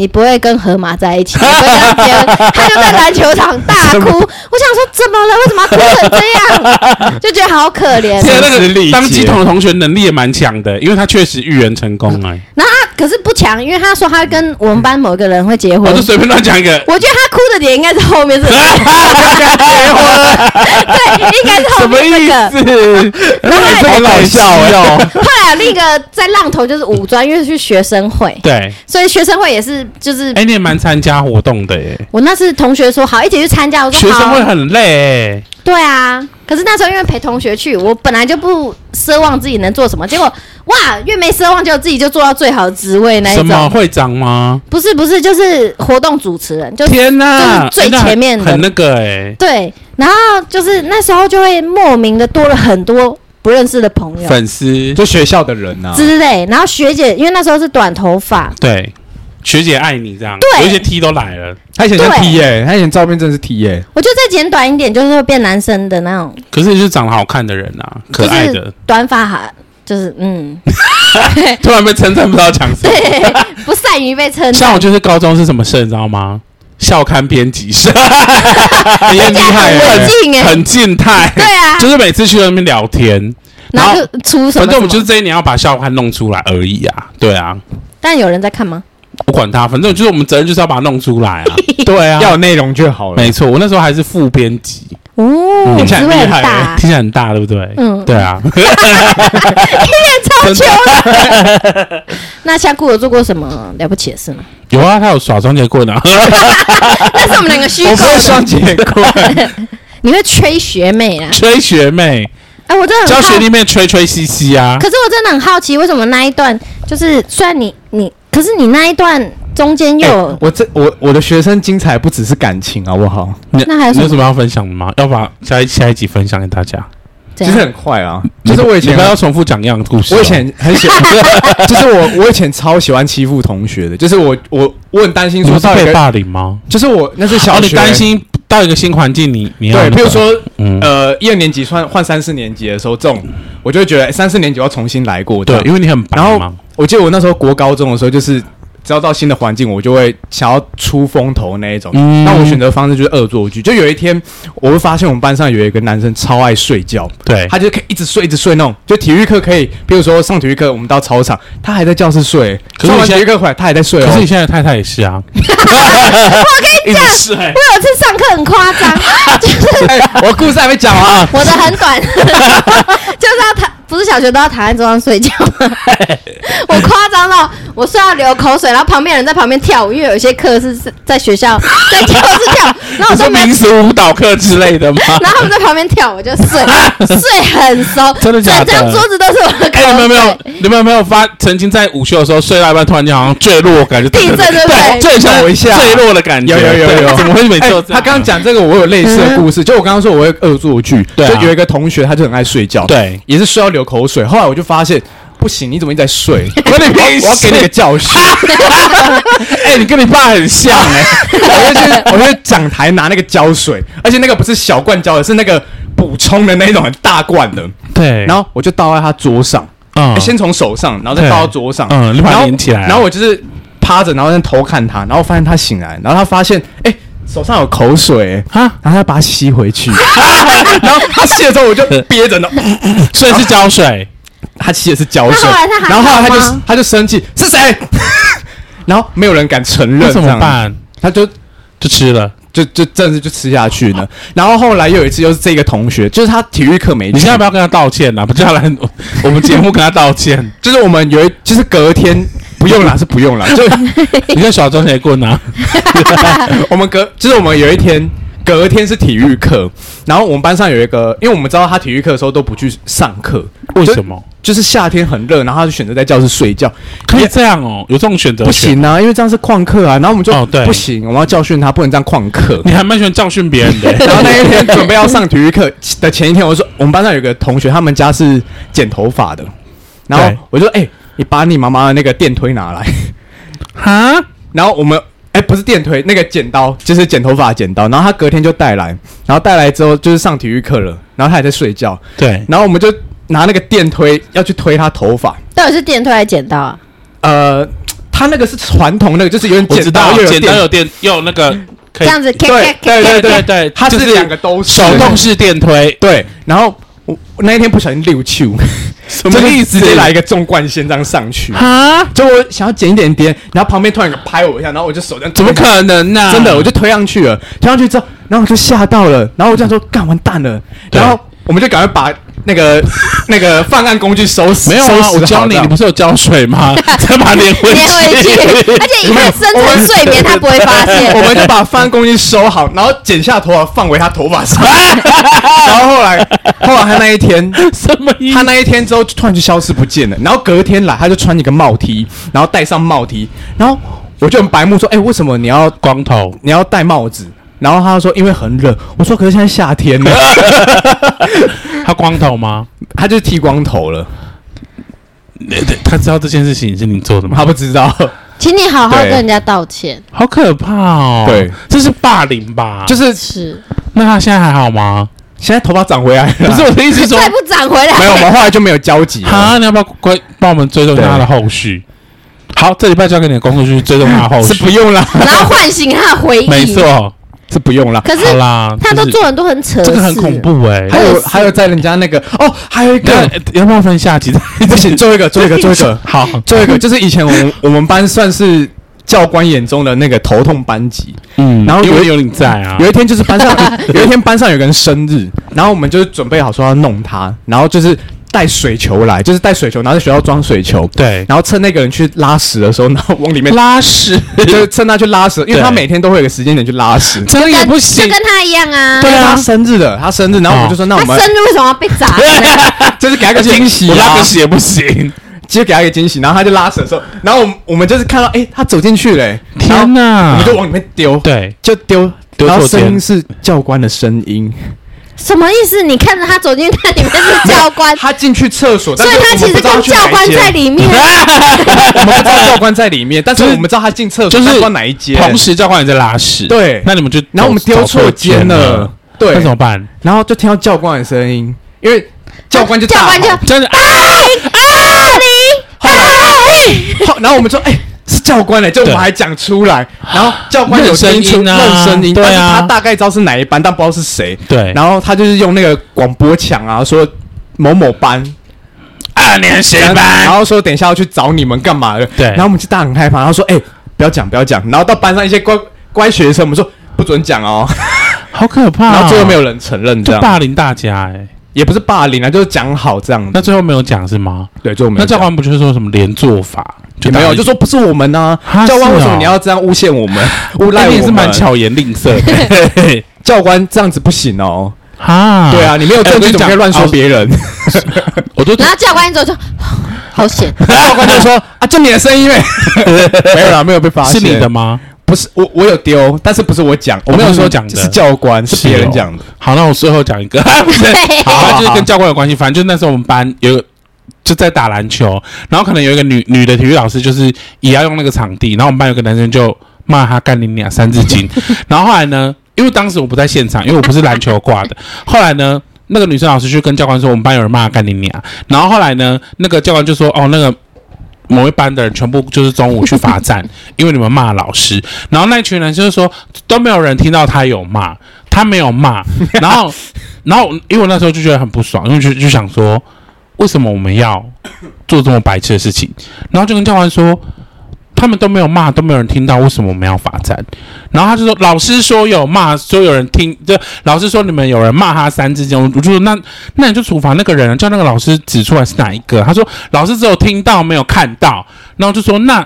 你不會跟河馬在一起，你不要講， 他就在籃球場大哭。我想說，怎麼了？為什麼要哭成這樣？就覺得好可憐。那個當乩童的同學能力也蠻強的，因為他確實預言成功哎、欸。那、嗯、他可是不強，因為他說他跟我們班某一個人會結婚。我、哦、就隨便亂講一個。我覺得他哭的點應該是後面是、這個。結婚。對，應該是後面那、這個。什麼意思？哎、 欸，這個好搞笑、欸。後來另一個在浪頭就是五專，因為是去學生會，對，所以學生會也是。就是哎、欸，你也蠻參加活動的耶、欸。我那是同學說好一起去參加，我說學生會很累、欸。對啊，可是那時候因為陪同學去，我本來就不奢望自己能做什麼，結果哇，越沒奢望，結果自己就做到最好的職位那一種。什麼會長嗎？不是不是，就是活動主持人，就是、天哪、啊，就是、最前面的、欸、那很，很那個哎、欸。對，然後就是那時候就會莫名的多了很多不認識的朋友、粉絲，就學校的人吶之類。然後學姐因為那時候是短頭髮。對。學姐愛你這樣。對，有一些 T 都來了，他以前是 T 哎、欸，他以前照片真的是 T 哎、欸，我就再剪短一點，就是會變男生的那種。可是你是長得好看的人吶、啊，可愛的短髮哈、啊，就是嗯， 突然被稱讚不知道講什麼， 不善於被稱讚。像我就是高中是什麼社，你知道嗎？校刊編輯社，很 厲 害、欸，很近哎、欸，很靜態，對啊， 就是每次去那邊聊天，然後，然後出，反正我們就是這一年要把校刊弄出來而已啊，對啊。但有人在看嗎？不管他，反正就是我們責任，就是要把它弄出來啊！ 對啊，要有內容就好了。沒錯，我那時候還是副編輯哦，聽起來很厲害、啊，聽起來很大，對不對？嗯，對啊。 你也超強的。的 那夏顧有做過什麼了不起的事嗎？有啊，他有耍雙截棍。啊。 那是我們兩個虛構的。我雙截棍， 你會吹學妹啊？吹學妹。哎、啊，我真的很好教學弟妹吹吹西西啊！可是我真的很好奇，為什麼那一段就是雖然你你。可是你那一段中間又，欸……我這我我的學生精彩，不只是感情，啊，好不好？那你還有什，你有什麼要分享的嗎？要把下一下一集分享給大家。其實，就是，很快啊，就是我以前要重複講一樣的故事，啊。我以前很喜，歡， 就是我我以前超喜歡欺負同學的，就是我我我很擔心說被霸凌嗎？就是我那是小學，擔、啊、心到一個新環境你，你你要比如說、嗯、呃一二年級換換三四年級的時候這種。嗯我就覺得欸、三四年級要重新來過對不對？對，因為你很白嘛。然後我記得我那時候國高中的時候就是。只要到新的環境，我就會想要出風頭那一種、嗯。那我選擇方式就是惡作劇。就有一天，我會發現我們班上有一個男生超愛睡覺，對，他就可以一直睡，一直睡那種。就體育課可以，比如說上體育課，我們到操場，他還在教室睡可是，上完體育課回來，他還在睡。可是你現在太太也是啊。 我跟你講， 我有一次上課很誇張，就是、 欸、我的故事還沒講完， 我的很短， 就是要他。不是小學都要躺在桌上睡覺嗎？我誇張到我睡到流口水，然後旁邊人在旁邊跳舞，因為有些課是在學校在教室跳，然後我說民俗舞蹈課之類的嘛。然後他們在旁邊跳，我就睡 睡很熟，真的假的？整張桌子都是我的。哎、欸，沒有沒有，你們有沒有發？曾經在午休的時候睡到一半，突然間好像墜落感覺地震對墜下墜落的感覺。有有有有，有有有怎麼會每次、欸、他剛剛講這個，我有類似的故事。就我剛剛說我會惡作劇，對、嗯。就有一個同學他就很愛睡覺，對,、啊對，也是睡到流。流口水，後來我就發現不行，你怎麼一直在睡 我？我要給你個教訓。哎 欸，你跟你爸很像哎、欸。 我就去，我就去講台拿那個膠水，而且那個不是小罐膠，是那個補充的那種很大罐的。對。然後我就倒在他桌上，嗯欸、先從手上，然後再倒到桌上，嗯，然後然後,然後我就是趴着，然後在偷看他，然後發現他醒來，然後他發現，哎、欸。手上有口水、欸，然後他把它吸回去、啊，然後他吸了之後我就憋着呢， 所以是膠水、啊，他吸的是膠水是，然後後來他就他就生氣是誰， 然後沒有人敢承認，怎麼辦？他就就吃了。就就正式就吃下去呢，然後後來又有一次，又是這個同學，就是他體育課沒。你現在要不要跟他道歉了、啊，不知道來我們節目跟他道歉？ 就是我們有，一，就是隔天不用啦，是不用啦，就 你在耍裝鞋棍啊？ 我們隔就是我們有一天隔天是體育課，然後我們班上有一個，因為我們知道他體育課的時候都不去上課。為什麼？就是夏天很熱，然後他就選擇在教室睡覺。可以、欸、這樣哦，有這種選擇嗎？不行啊，因為這樣是曠課啊。然後我們就哦對，不行，我們要教訓他，不能這樣曠課。你還蠻喜歡教訓別人的、欸。 然後那一天準備要上體育課的前一天，我說我們班上有個同學，他們家是剪頭髮的，然後我就說哎、欸，你把你媽媽的那個電推拿來哈。然後我們哎、欸、不是電推，那個剪刀就是剪頭髮剪刀。然後他隔天就帶來，然後帶來之後就是上體育課了，然後他還在睡覺。對，然後我們就。拿那個電推要去推他頭髮，到底是電推還是剪刀？啊？呃，他那個是傳統那個，就是有點剪刀，又有電，有電，又有那個可以這樣子。卡卡對卡卡卡對對對對，卡卡他是兩、就是、個都手動式電推。對，然後我，我那一天不小心溜去， 就一直接來一個總冠軍章上去縱貫線這樣上去啊！就我想要剪一點點，然後旁邊突然拍我一下，然後我就手這樣，怎麼可能呢、啊？真的，我就推上去了，推上去之後，然後我就嚇到了，然後我這樣說，幹完蛋了，然後。我們就趕快把那個那個犯案工具收拾。沒有啊，我教你，你不是有膠水嗎？ 再把黏回，回去， 而且一旦深層睡眠他不會發現。 我們就把犯案工具收好，然後剪下頭髮放回他頭髮上。 然後後來，後來他那一天 他那一天之後就突然就消失不見了。然後隔天來，他就穿一個帽 T，然後戴上帽 T。然後我就很白目說：“哎、欸，為什麼你要光頭？你要戴帽子？”然後他說：“因為很冷。”我說：“可是現在夏天呢、啊？” 他光頭嗎？他就剃光頭了。 他知道這件事情是你做的嗎？他不知道。請你好好跟人家道歉。好可怕哦！對，這是霸凌吧？就是。是。那他現在還好嗎？現在頭髮長回來？不是，我的意思是說。 再不長回來，沒有嗎？後來就沒有交集。好， 你要不要幫幫我們追蹤他的後續？好，這禮拜交給你的工作就是追蹤他的後續。是不用了。然後喚醒他回憶 沒錯。沒錯。是不用啦，好啦，就是、他都做人都很扯，這個很恐怖哎、欸。還有還有，在人家那個哦，還有一個、欸，要不要分下集？不行，做一個做一個做一個好，好，做一個就是以前我們我們班算是教官眼中的那個頭痛班級。嗯，然後因為有，有你在啊，有一天就是班上有，有一天班上有個人生日， 然後我們就是準備好說要弄他，然後就是。帶水球來，就是帶水球，然後在學校裝水球，對，然後趁那個人去拉屎的時候，然後往裡面拉屎，就是趁他去拉屎，因為他每天都會有一個時間點去拉屎，這也不行，就跟他一樣啊，對啊，生日的，他生日，然後我們就說，哦、那我們生日為什麼要被砸？哈哈 就是給他一個驚喜、啊，拉屎也不行，就給他一個驚喜，然後他就拉屎的時候，然後我們,我們就是看到，哎、欸，他走進去嘞、欸，天啊，我們就往裡面丟，對，就丟，然後聲音是教官的聲音。 什麼意思？你看着他走進，他裡面是教官。他進去廁所，所以他其實跟教官在裡面。我們不知道教官在裡面，但是我們知道他進廁所，就是關哪一間？同時，教官也在拉屎。對，那你們就然後我們丟錯間了。對，那怎麼辦？然後就聽到教官的聲音，因為教官就教官就真的。哎，哎。好，然後我們說，哎。教官呢、欸，就我們還講出來，然後教官有聲音、音啊，有聲音，但是他大概知道是哪一班，啊，但不知道是誰。對，然後他就是用那個廣播搶啊，說某某班二年級班然，然後說等一下要去找你們幹嘛的。對，然後我們就大家很害怕，然後說：“哎、欸，不要講，不要講。”然後到班上一些乖乖學生，我們說：“不准講哦， 好可怕哦。”然後最後沒有人承認的。大霸凌大家哎、欸。也不是霸凌啊，就是講好這樣。那最後沒有講是嗎？對，就那教官不就是說什麼連坐法？沒有，就說不是我們呢、啊。教官為什麼你要這樣誣陷我們？誣賴、啊、我們、欸、是蠻巧言令色。吝 教官這樣子不行哦。啊，對啊，你沒有證據、欸欸、怎麼可以亂說別人 我就？然後教官一走就說好險。教官就說啊，這你的聲音， 沒有啦沒有被發現，是你的嗎？不是我，我有丟，但是不是我講，哦，我沒有說講的，嗯，就是、的，是教官是別人講的。好，那我最後講一個，啊、不是對好好好，就是跟教官有關係。反正就是那時候我們班有就在打籃球，然後可能有一個女女的體育老師，就是也要用那個場地，然後我們班有個男生就罵他幹你娘三字經。 然後後來呢，因為當時我不在現場，因為我不是籃球掛的。後來呢，那個女生老師就跟教官說，我們班有人罵她幹你娘。然後後來呢，那個教官就說，哦，那個。某一班的人全部就是中午去罰站，因為你們罵老師，然後那群人就是說都沒有人聽到他有罵，他沒有罵，然後， 然後，因為我那時候就覺得很不爽，因為就就想說，為什麼我們要做這麼白痴的事情，然後就跟教官說。他們都沒有罵，都沒有人聽到，為什麼我們要罰站？然後他就說，老師說有罵，說有人聽，就老師說你們有人罵他三字經，我就說那那你就處罰那個人，叫那個老師指出來是哪一個。他說老師只有聽到，沒有看到，然後就說那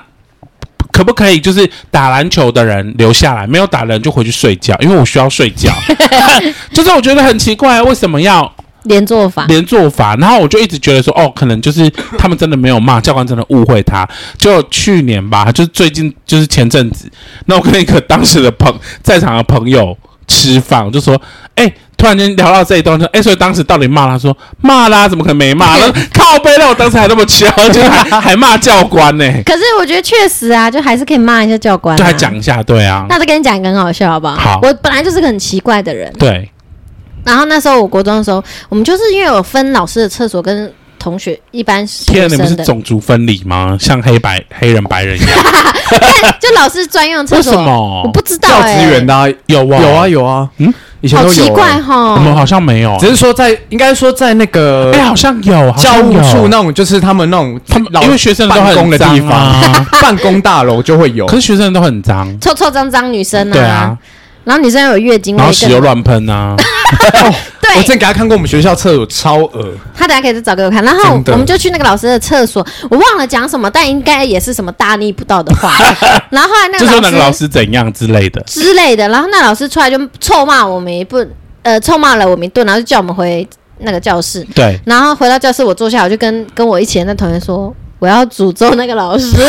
可不可以就是打籃球的人留下來，沒有打人就回去睡覺，因為我需要睡覺。 就是我覺得很奇怪，為什麼要？連坐法，連坐法。然後我就一直覺得說，哦，可能就是他們真的沒有罵 教官，真的誤會他。就去年吧，就是最近，就是前陣子，那我跟那個當時的朋友在場的朋友吃飯，我就說，哎、欸，突然間聊到這一段，說，哎，所以當時到底罵他說罵啦，怎麼可能沒罵？ 靠背我當時還那麼翹，而且還罵 教官呢、欸。可是我覺得確實啊，就還是可以罵一下教官、啊，就還講一下，對啊。那再跟你講一個很好笑，好不好？好。我本來就是個很奇怪的人。對。然後那時候，我國中的時候，我們就是因為有分老師的廁所跟同學一般學生的。天，你不是種族分離嗎？ 像黑白黑人白人一樣？ 就老師專用廁所、欸？為什麼？我不知道、欸、教職員的啊有啊有啊有啊，有啊，嗯，以前都有欸、好奇怪哈、哦，我們好像沒有。只是說在，應該說在那個，誒、欸、好像有，好像有教務處那種，就是他們那種老因為學生都很髒的地方、啊，辦公大樓就會有。 可是學生都很髒，臭臭髒髒，女生啊對啊。然後女生有月經，然後屎又亂噴吶、啊！ oh, 對，我之前給他看過我們學校廁所超惡。他等下可以再找給我看。然後我們就去那個老師的廁所，我忘了講什麼，但應該也是什麼大逆不道的話。 然後後來那個老師就說那個老師怎樣之類的之類的，然後那老師出來就臭罵我們一頓，呃，臭罵了我們一頓，然後就叫我們回那個教室。對，然後回到教室，我坐下，我就跟跟我一起的那同學說。我要詛咒那個老師，結果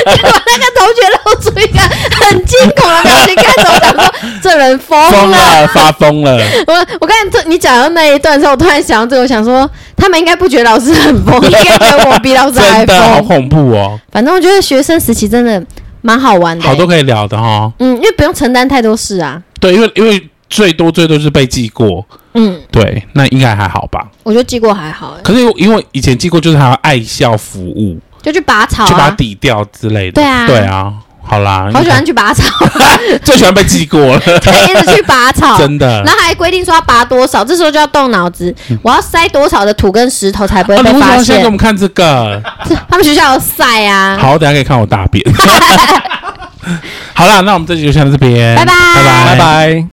那個同學露出一個很驚恐的表情，開頭想說這人瘋了，瘋了，發瘋了。我我剛才這你講到那一段時候，我突然想到、這個，我想說，他們應該不覺得老師很瘋，應該覺得我比老師還瘋， 好恐怖哦。反正我覺得學生時期真的蠻好玩的，欸，好多可以聊的哈、哦。嗯，因為不用承擔太多事啊。對，因為因為最多最多是被記過。嗯，對，那應該還好吧？我覺得記過還好，可是因為以前記過，就是還要愛校服務，就去拔草、啊、去拔底掉之類的。對啊，對啊，好啦。好喜歡去拔草， 最喜歡被記過了。才一直去拔草， 真的。然後還規定說要拔多少，這時候就要動腦子、嗯，我要塞多少的土跟石頭才不會被發現。盧同學先給我們看這個， 他們學校有塞啊。好，等下可以看我大便。 好啦，那我們這集就先到這邊，拜拜，拜拜，拜拜。